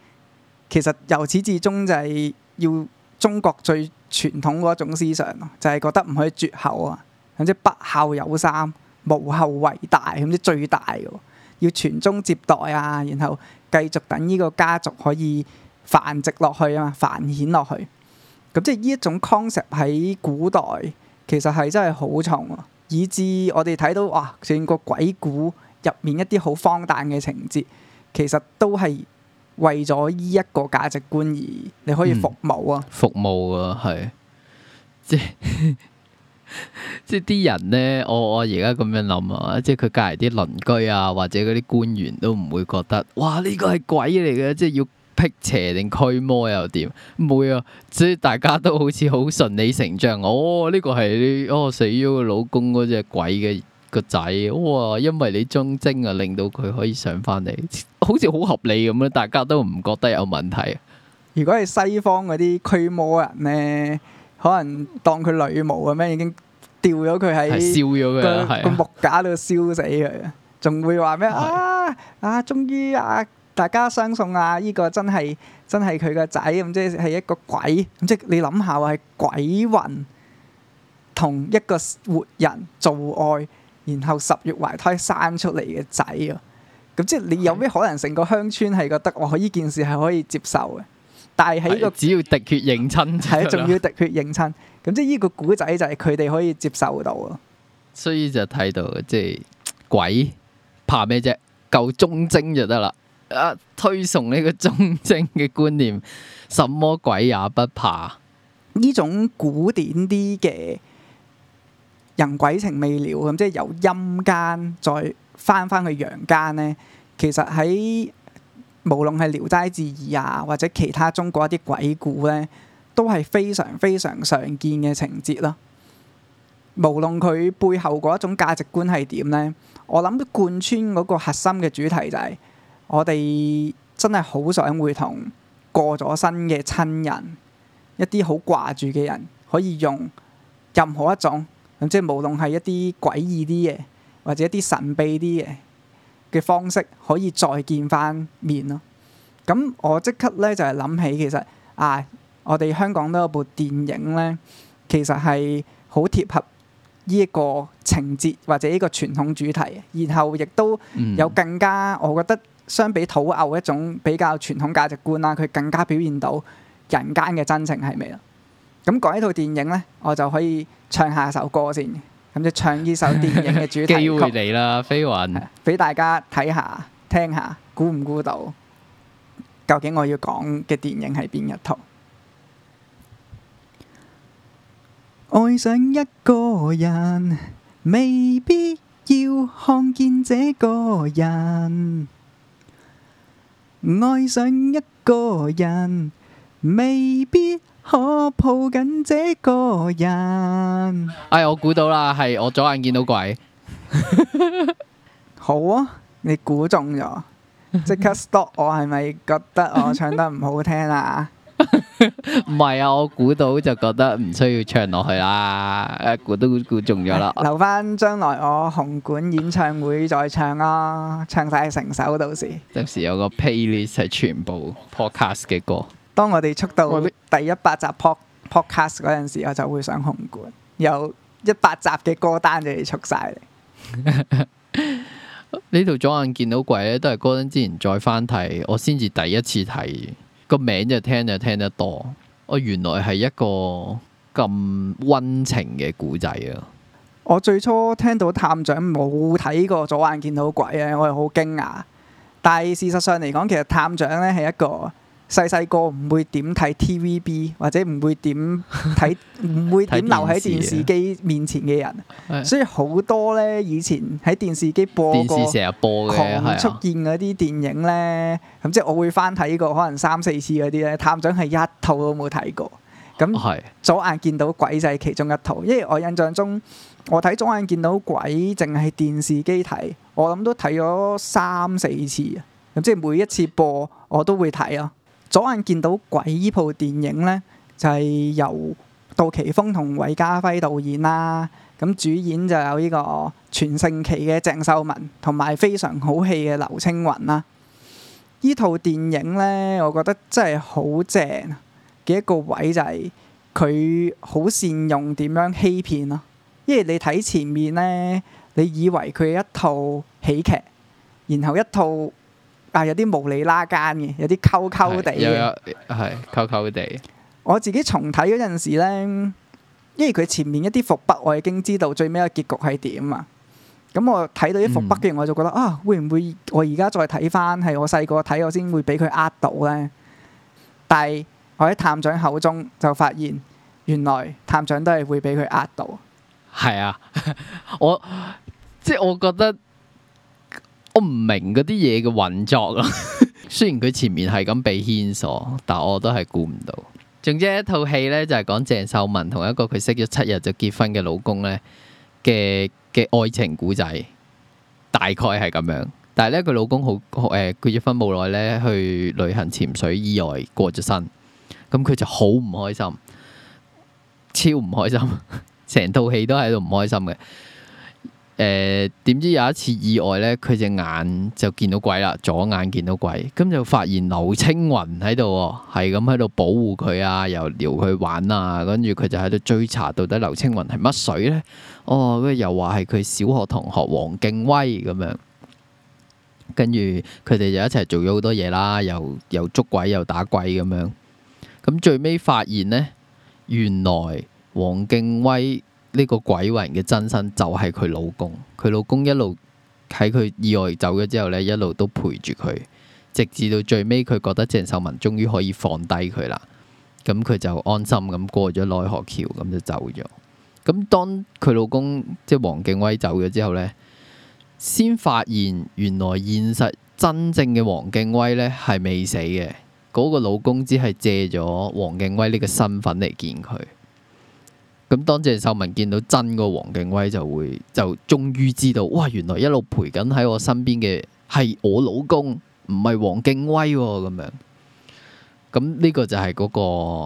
其實由始至終就係要中國最傳統嗰種思想就係、是、覺得唔可以絕後啊，咁即不孝有三，無後為大咁即最大嘅，要傳宗接代啊，然後繼續等呢個家族可以繁殖落去啊嘛，繁衍落去。咁即係呢一種 concept 喺古代其實係真係好重，啊，以至我哋睇到哇，整個鬼故入面一啲好荒誕嘅情節。其實都係為咗依一個價值觀而你可以服務啊、嗯，服務啊，係即係 即係啲人呢，我我而家咁樣諗啊，即係佢隔籬啲鄰居啊，或者嗰啲官員都唔會覺得，哇，呢個係鬼嚟嘅，即係要辟邪定驅魔又點？唔會啊，所以大家都好似好順理成章。哦，呢個係哦，死咗個老公嗰隻鬼嘅。個仔哇，因為你忠貞啊，令到佢可以上翻嚟， 好似好合理咁啊！大家都唔覺得有問題。如果係西方嗰啲驅魔人呢，可能當佢女巫咁樣，已經吊咗佢喺個木架度燒死佢，仲會話咩啊啊！終於啊，大家相信啊，呢、這個真係真係佢個仔咁，即係一個鬼咁，即係你諗下，係鬼魂同一個活人做愛。然後十月懷胎生出嚟嘅仔啊，咁即係你有咩可能成個鄉村係覺得哇，呢件事係可以接受嘅？但係喺呢個只要滴血認親就，係啊，仲要滴血認親，咁即係呢個古仔就係佢哋可以接受到啊。所以就睇到即係鬼怕咩啫？夠忠貞就得啦。啊，推崇呢個忠貞嘅觀念，什麼鬼也不怕。呢種古典啲嘅。人鬼情未了咁，即係由陰間再翻返去陽間咧。其實喺無論係《聊齋誌異》啊，或者其他中國一啲鬼故咧，都係非常非常常見嘅情節啦。無論佢背後嗰一種價值觀係點咧，我諗貫穿嗰個核心嘅主題就係我哋真係好想會同過咗身嘅親人、一啲好掛住嘅人可以用任何一種。即係無論係一啲詭異啲嘢，或者一啲神秘啲嘅嘅方式，可以再見翻面咯。咁我即刻咧就係諗起，其實啊，我哋香港都有部電影咧，其實係好貼合呢一個情節或者呢個傳統主題，然後亦都有更加，嗯、我覺得相比土偶一種比較傳統價值觀啦，佢更加表現到人間嘅真情係咪啊？咁講呢套電影呢，我就可以唱下首歌先。咁就唱呢首電影嘅主題曲。機會嚟啦，飛雲，俾大家睇下、聽下，估唔估到？究竟我要講嘅電影係邊一套？愛上一個人，未必要看見這個人。愛上一個人，未必，可抱緊這個人。哎，我估到啦，係我左眼見到鬼。好啊，你估中咗，即刻 stop！我係咪覺得我唱得唔好聽啊？唔係啊，我估到就覺得唔需要唱落去啦。誒，估都估中咗啦，留翻將來我紅館演唱會再唱啦，唱晒成首到時。到時有個 playlist 係全部 podcast 嘅歌。當我哋速度。第一百集 pod podcast 陣時，我就會上紅館，有一百集嘅歌單就要出晒嚟。呢度 左眼見到鬼咧，都係戈登之前再翻睇，我先至第一次睇。個名就聽就聽得多，我原來係一個咁溫情嘅古仔啊！我最初聽到探長冇睇過《左眼見到鬼》啊，我又好驚訝。但係事實上嚟講，其實探長咧係一個。細細個唔會點睇 TVB，或者唔會點睇，唔 會點留喺電視機面前嘅人，所以好多咧以前喺電視機播過、狂出現嗰啲電影咧，咁即係我會翻睇過可能三四次嗰啲咧，探長係一套都冇睇過。咁左眼見到鬼就係其中一套，因為我印象中我睇左眼見到鬼淨係電視機睇，我諗都睇咗三四次，咁即係每一次播我都會睇咯、啊。左眼見到《鬼》呢套電影呢，就係由杜琪峰同韋家輝導演啦。咁主演就有呢個全盛期嘅鄭秀文，同埋非常好戲嘅劉青雲啦。呢套電影呢，我覺得真係好正嘅一個位就係佢好善用點樣欺騙咯。因為你睇前面呢，你以為佢一套喜劇，然後一套。啊！但係有啲無理拉間嘅，有啲溝溝地嘅，係溝溝地。溝溝，我自己重睇嗰陣時咧，因為佢前面一啲伏筆，我已經知道最尾嘅結局係點啊。咁我睇到啲伏筆嘅，我就覺得、嗯、啊，會唔會我而家再睇翻係我細個睇，我先會俾佢呃到咧？但係我喺探長口中就發現，原來探長都係會俾佢呃到。係是啊， 我即係我覺得。我唔明嗰啲嘢嘅運作咯， 雖然佢前面係咁被牽鎖，但我都係估唔到。總之一套戲呢，就係講鄭秀文同一個佢識咗七日就結婚嘅老公呢嘅嘅愛情故仔，大概係咁樣。但係呢，佢老公好，誒，佢、呃、結婚冇耐呢去旅行潛水意外過咗身，咁佢就好唔開心，超唔開心，成套戲都喺度唔開心嘅。誒，點、呃、知有一次意外咧，佢隻眼就見到鬼啦，左眼見到鬼，咁就發現劉青雲喺度，係咁喺度保護佢啊，又撩佢玩啊，跟住佢就喺度追查到底劉青雲係乜水咧？哦，咁又話係佢小學同學黃敬威咁樣，跟住佢哋就一齊做咗好多嘢啦，又又捉鬼又打鬼咁樣，咁最尾發現咧，原來黃敬威。呢個鬼魂嘅真身就係佢老公，佢老公一路喺佢意外走咗之後呢，一路都陪住佢，直至到最尾，佢覺得鄭秀文終於可以放低佢啦，咁佢就安心咁過咗奈何橋，咁就走咗。咁當佢老公即係黃敬威走咗之後呢，先發現原來現實真正嘅黃敬威呢，係未死嘅，嗰個老公只係借咗黃敬威呢個身份嚟見佢。咁當鄭秀文見到真，個黃敬威就會就終於知道哇，原來一路陪緊喺我身邊嘅係我老公，唔係黃敬威咁、啊、樣。咁呢個就係嗰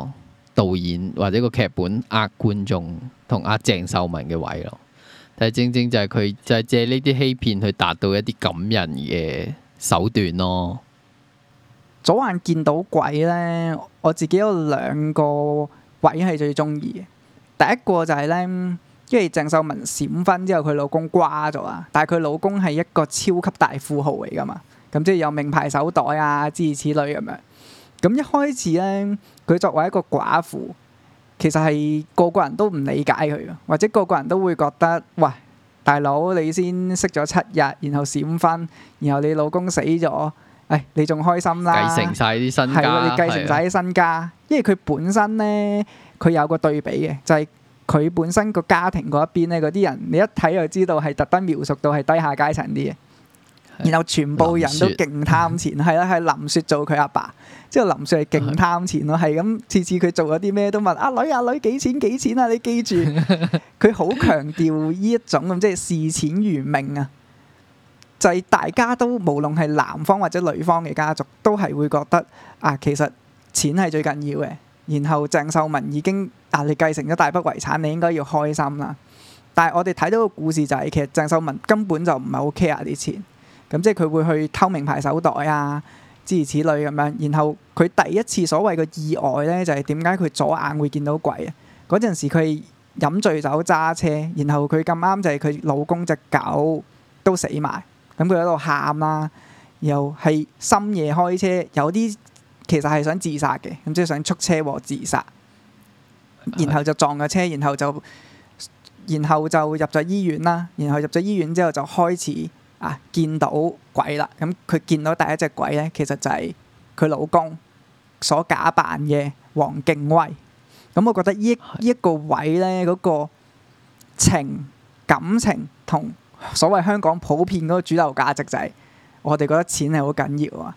個導演或者個劇本呃觀眾同呃鄭秀文嘅位咯，但係正正就係佢就係、是、借呢啲欺騙去達到一啲感人嘅手段咯。《左眼見到鬼》咧，我自己有兩個位係最中意嘅。第一個就係咧，因為鄭秀文閃婚之後，佢老公瓜咗啊！但係佢老公係一個超級大富豪嚟噶嘛，咁即係有名牌手袋啊，諸如此類咁樣。咁一開始咧，佢作為一個寡婦，其實係個個人都唔理解佢，或者個個人都會覺得：喂，大佬你先識咗七日，然後閃婚，然後你老公死咗，誒、哎，你仲開心啦？繼承晒啲身家，係啊！你繼承晒啲身家，的因為佢本身咧。佢有個對比嘅，就係、是、佢本身個家庭嗰一邊呢嗰啲人你一睇就知道係特登描述到係低下階層啲嘅。是然後全部人都勁貪錢，係啦係林雪做佢阿爸，爸，之後林雪係勁貪錢咯，係咁的次次佢做咗啲咩都問阿的、啊、女阿、啊、女幾錢幾錢啊，你記住，佢好強調呢一種咁即係視錢如命啊，就係、是、大家都無論係男方或者女方嘅家族，都係會覺得啊其實錢係最緊要嘅。然後鄭秀文已經啊，你繼承咗大筆遺產，你應該要開心啦。但係我哋睇到個故事就係、是，其實鄭秀文根本就唔係好 care 啲錢。咁即係佢會去偷名牌手袋啊，諸如此類咁樣。然後佢第一次所謂嘅意外呢，就係點解佢左眼會見到鬼啊？嗰陣時佢飲醉酒揸車，然後佢咁啱就係佢老公隻狗都死埋，咁佢喺度喊啦，又係深夜開車，有啲。其實係想自殺嘅，咁即係想出車禍自殺，然後就撞架車，然後就，然後就入咗醫院啦。然後入咗醫院之後就開始啊見到鬼啦。咁、嗯、佢見到第一隻鬼咧，其實就係佢老公所假扮嘅黃敬威。咁、嗯、我覺得呢一是的 個位咧，嗰、嗰個情感情同所謂香港普遍嗰個主流價值就係我哋覺得錢係好緊要啊。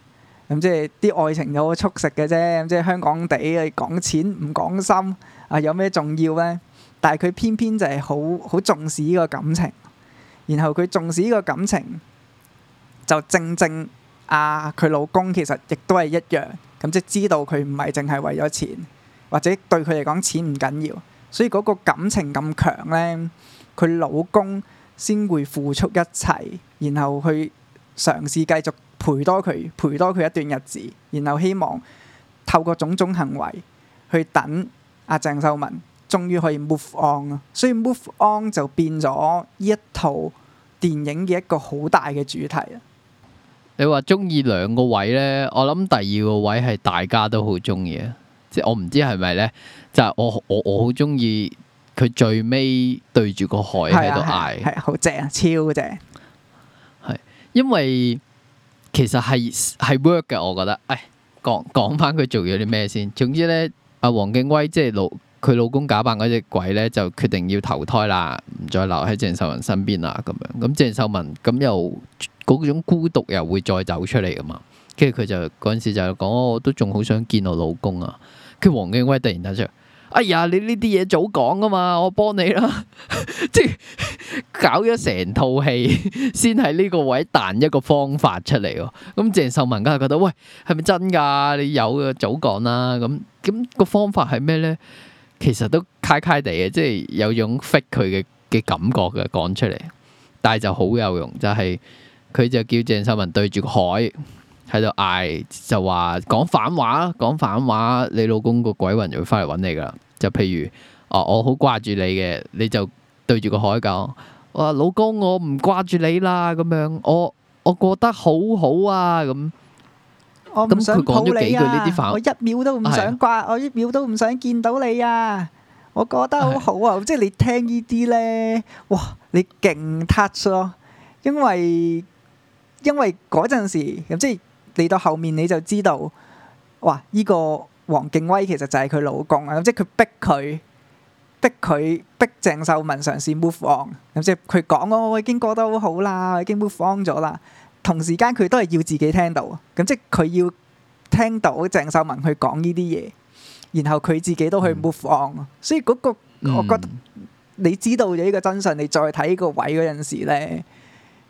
咁即係啲愛情有好速食嘅啫，咁即係香港地講錢唔講心啊，有咩重要呢？但係佢偏偏就係好好重視呢個感情，然後佢重視呢個感情，就正正啊，佢老公其實亦都係一樣，咁即係知道佢唔係淨係為咗錢，或者對佢嚟講錢唔緊要，所以嗰個感情咁強呢，佢老公先會付出一切，然後去嘗試繼續。陪多佢，陪多佢一段日子，然後希望透過種種行為去等阿鄭秀文終於可以 move on 啊！所以 move on 就變咗呢一套電影嘅一個好大嘅主題。你話中意兩個位呢？我諗第二個位係大家都好中意啊！即係我唔知係咪呢？就係、是、我我我好中意佢最尾對住個海喺度嗌，係好正啊，啊啊超正！係因為。其實係係 work 嘅，我覺得，誒，講講翻佢做咗啲咩先。總之咧，阿黃敬威即係老佢老公假扮嗰隻鬼咧，就決定要投胎啦，唔再留喺鄭秀文身邊啦，咁樣。咁鄭秀文咁又嗰種孤獨又會再走出嚟噶嘛？跟住佢就嗰陣時就講，哦，我都仲好想見我老公啊。跟住黃敬威突然間出哎呀，你呢啲嘢早講噶嘛，我幫你啦， 即係搞咗成套戲先喺呢個位彈一個方法出嚟喎。咁鄭秀文梗係覺得，喂，係咪真噶？你有嘅早講啦，咁咁、嗰個方法係咩呢？其實都揩揩地嘅，即係有種 fit 佢嘅嘅感覺嘅講出嚟，但係就好有用，就係、是、佢就叫鄭秀文對住個海。喺度嗌，就話講反話，講反話，你老公個鬼魂就會翻嚟揾你噶啦。就譬如哦，我好掛住你嘅，你就對住個海講，我話老公我唔掛住你啦，咁樣我我過得好好啊，咁我唔想抱你啊，我一秒都唔想掛，我一秒都唔想見到你啊，我覺得好好啊，即係你聽呢啲呢，哇，你勁 touch 咯，因為因為嗰陣時咁即係。嚟到後面你就知道，哇！呢個黃敬威其實就係佢老公啊，咁即係佢逼佢逼佢逼鄭秀文嘗試 move on，咁即係佢講我已經過得好好啦，已經 move on 咗啦。同時間佢都係要自己聽到，咁即係佢要聽到鄭秀文去講呢啲嘢，然後佢自己都去 move on。所以嗰個我覺得，你知道咗呢個真相，你再睇呢個位嗰陣時咧，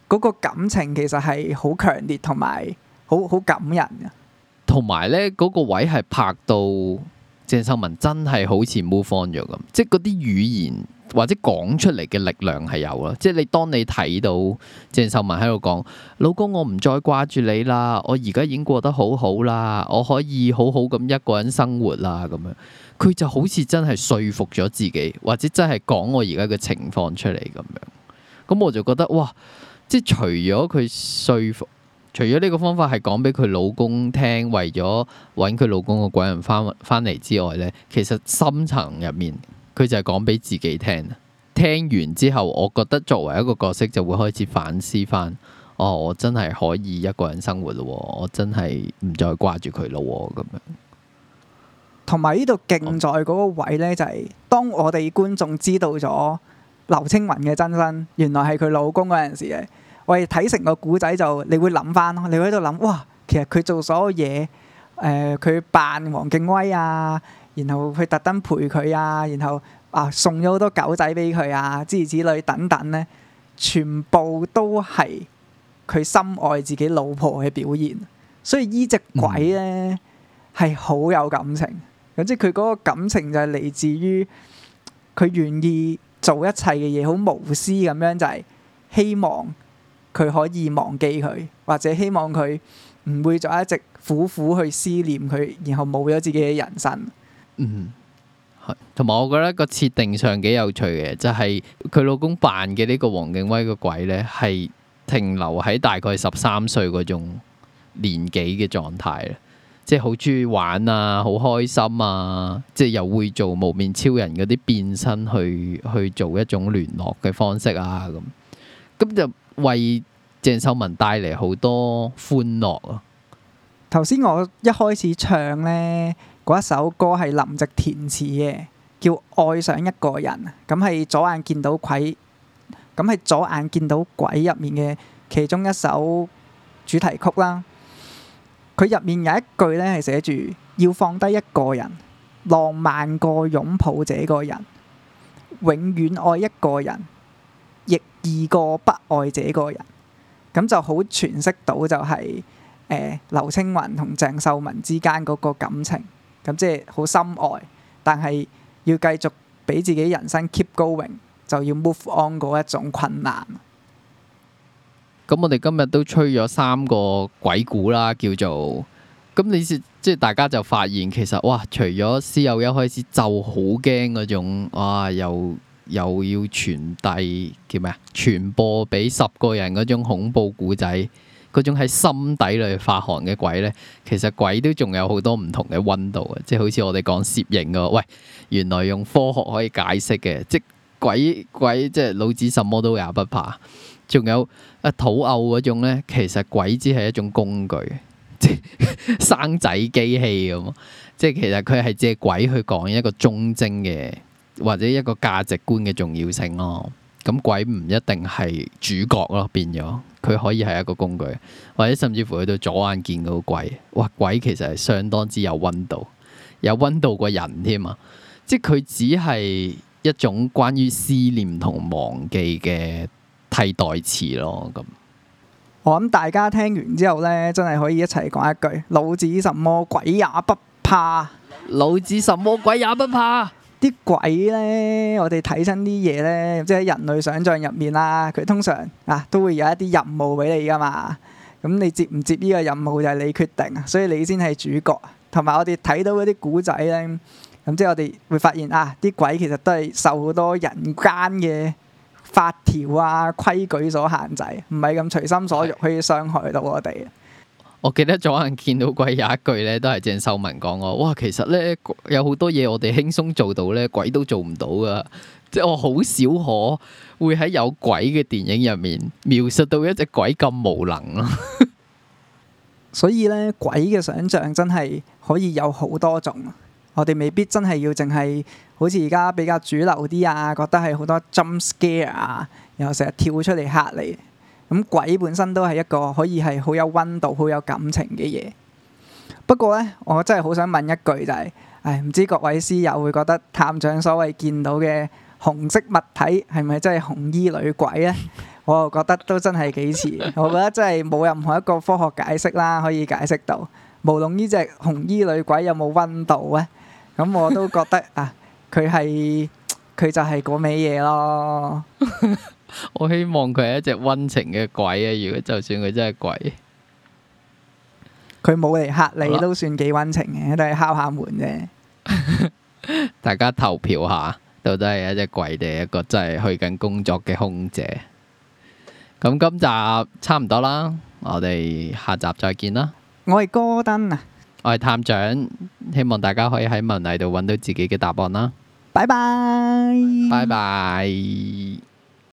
嗰個感情其實係好強烈同埋。好好感人，同埋呢嗰個位係拍到鄭秀文真係好似 move on 咗咁，即係嗰啲語言或者講出嚟嘅力量係有啦。即係你當你睇到鄭秀文喺度講，老公我唔再掛住你啦，我而家已經過得好好啦，我可以好好咁一個人生活啦咁樣，佢就好似真係說服咗自己，或者真係講我而家嘅情況出嚟咁樣。咁我就覺得哇，即係除咗佢說服。除咗呢個方法係講俾佢老公聽，為咗揾佢老公個鬼人翻翻嚟之外呢，其實深層入面佢就係講俾自己聽。聽完之後，我覺得作為一個角色就會開始反思翻：哦，我真係可以一個人生活咯，我真係唔再掛住佢咯咁樣。同埋呢度勁在嗰個位呢，就係當我哋觀眾知道咗劉青雲嘅真身，原來係佢老公嗰陣時。我哋睇成個古仔就，你會諗翻咯。你會喺度諗，哇，其實佢做所有嘢，誒、呃，佢扮黃敬威啊，然後佢特登陪佢啊，然後啊送咗好多狗仔俾佢啊，諸如此類等等咧，全部都係佢深愛自己老婆嘅表現。所以呢隻鬼咧係好有感情，咁即係佢嗰個感情就係嚟自於佢願意做一切嘅嘢，好無私咁樣，就係希望。佢可以忘記佢，或者希望佢唔會再一直苦苦去思念佢，然後冇咗自己嘅人生。嗯，同埋我覺得個設定上幾有趣嘅，就係佢老公扮嘅呢個黃景威個鬼咧，係停留喺大概十三歲嗰種年紀嘅狀態，即係好中意玩啊，好開心啊，即係又會做無面超人嗰啲變身去去做一種聯絡嘅方式啊咁，咁就。為鄭秀文帶嚟好多歡樂啊！頭先我一開始唱呢嗰一首歌係林夕填詞嘅，叫《愛上一個人》，咁係左眼見到鬼，咁係左眼見到鬼入面嘅其中一首主題曲啦。佢入面有一句呢，係寫住要放低一個人，浪漫過擁抱這個人，永遠愛一個人。二個不愛者個人，咁就好詮釋到就係、是、誒、呃、劉青雲同鄭秀文之間嗰個感情，咁即係好深愛，但係要繼續俾自己人生 keep going，就要 move on 嗰一種困難。咁我哋今日都吹咗三個鬼故啦，叫做咁，你即係大家就發現其實哇，除咗思友一開始就好驚嗰種哇又。又要傳遞叫咩啊？傳播俾十個人嗰種恐怖故仔，嗰種喺心底裏發寒嘅鬼呢？其實鬼都仲有好多唔同嘅温度嘅，即係好似我哋講攝影個，喂，原來用科學可以解釋嘅，即鬼鬼即係老子什麼都也不怕，仲有啊土偶嗰種呢，其實鬼只係一種工具，即 生仔機器咁，即係其實佢係借鬼去講一個忠貞嘅。或者一個價值觀嘅重要性咯，咁鬼唔一定係主角咯，變咗佢可以係一個工具，或者甚至乎去到左眼見到鬼，哇！鬼其實係相當之有温度，有温度過人添啊！即佢只係一種關於思念同忘記嘅替代詞咯。咁我諗大家聽完之後呢，真係可以一齊講一句：老子什麼鬼也不怕，老子什麼鬼也不怕。啲鬼咧，我哋睇親啲嘢咧，即係人類想像入面啦。佢通常啊都會有一啲任務畀你㗎嘛。咁你接唔接呢個任務就係你決定，所以你先係主角。同埋我哋睇到嗰啲古仔咧，咁即係我哋會發現啊，啲鬼其實都係受好多人間嘅法條啊規矩所限制，唔係咁隨心所欲可以傷害到我哋。我記得左眼見到鬼，有一句咧，都係鄭秀文講嘅。哇！其實咧，有好多嘢我哋輕鬆做到咧，鬼都做唔到噶。即係我好少可會喺有鬼嘅電影入面描述到一隻鬼咁無能啦。所以咧，鬼嘅想象真係可以有好多種，我哋未必真係要淨係好似而家比較主流啲啊，覺得係好多 jump scare 啊，然後成日跳出嚟吓你。咁鬼本身都係一個可以係好有溫度、好有感情嘅嘢。不過呢，我真係好想問一句，就係、是，唉，唔知各位思友會覺得探長所謂見到嘅紅色物體係咪真係紅衣女鬼呢？我又覺得都真係幾似。我覺得真係冇任何一個科學解釋啦，可以解釋到。無論呢隻紅衣女鬼有冇溫度咧，咁我都覺得啊，佢係佢就係嗰味嘢咯。 我希望佢係一隻溫情嘅鬼啊！如果就算佢真係鬼，佢冇嚟吓你都算幾溫情嘅，都係敲下門啫。大家投票下，到底係一隻鬼定係一個真係去緊工作嘅空姐？咁今集差唔多啦，我哋下集再見啦。我係戈登啊，我係探長，希望大家可以喺文藝度揾到自己嘅答案啦。拜拜，拜拜。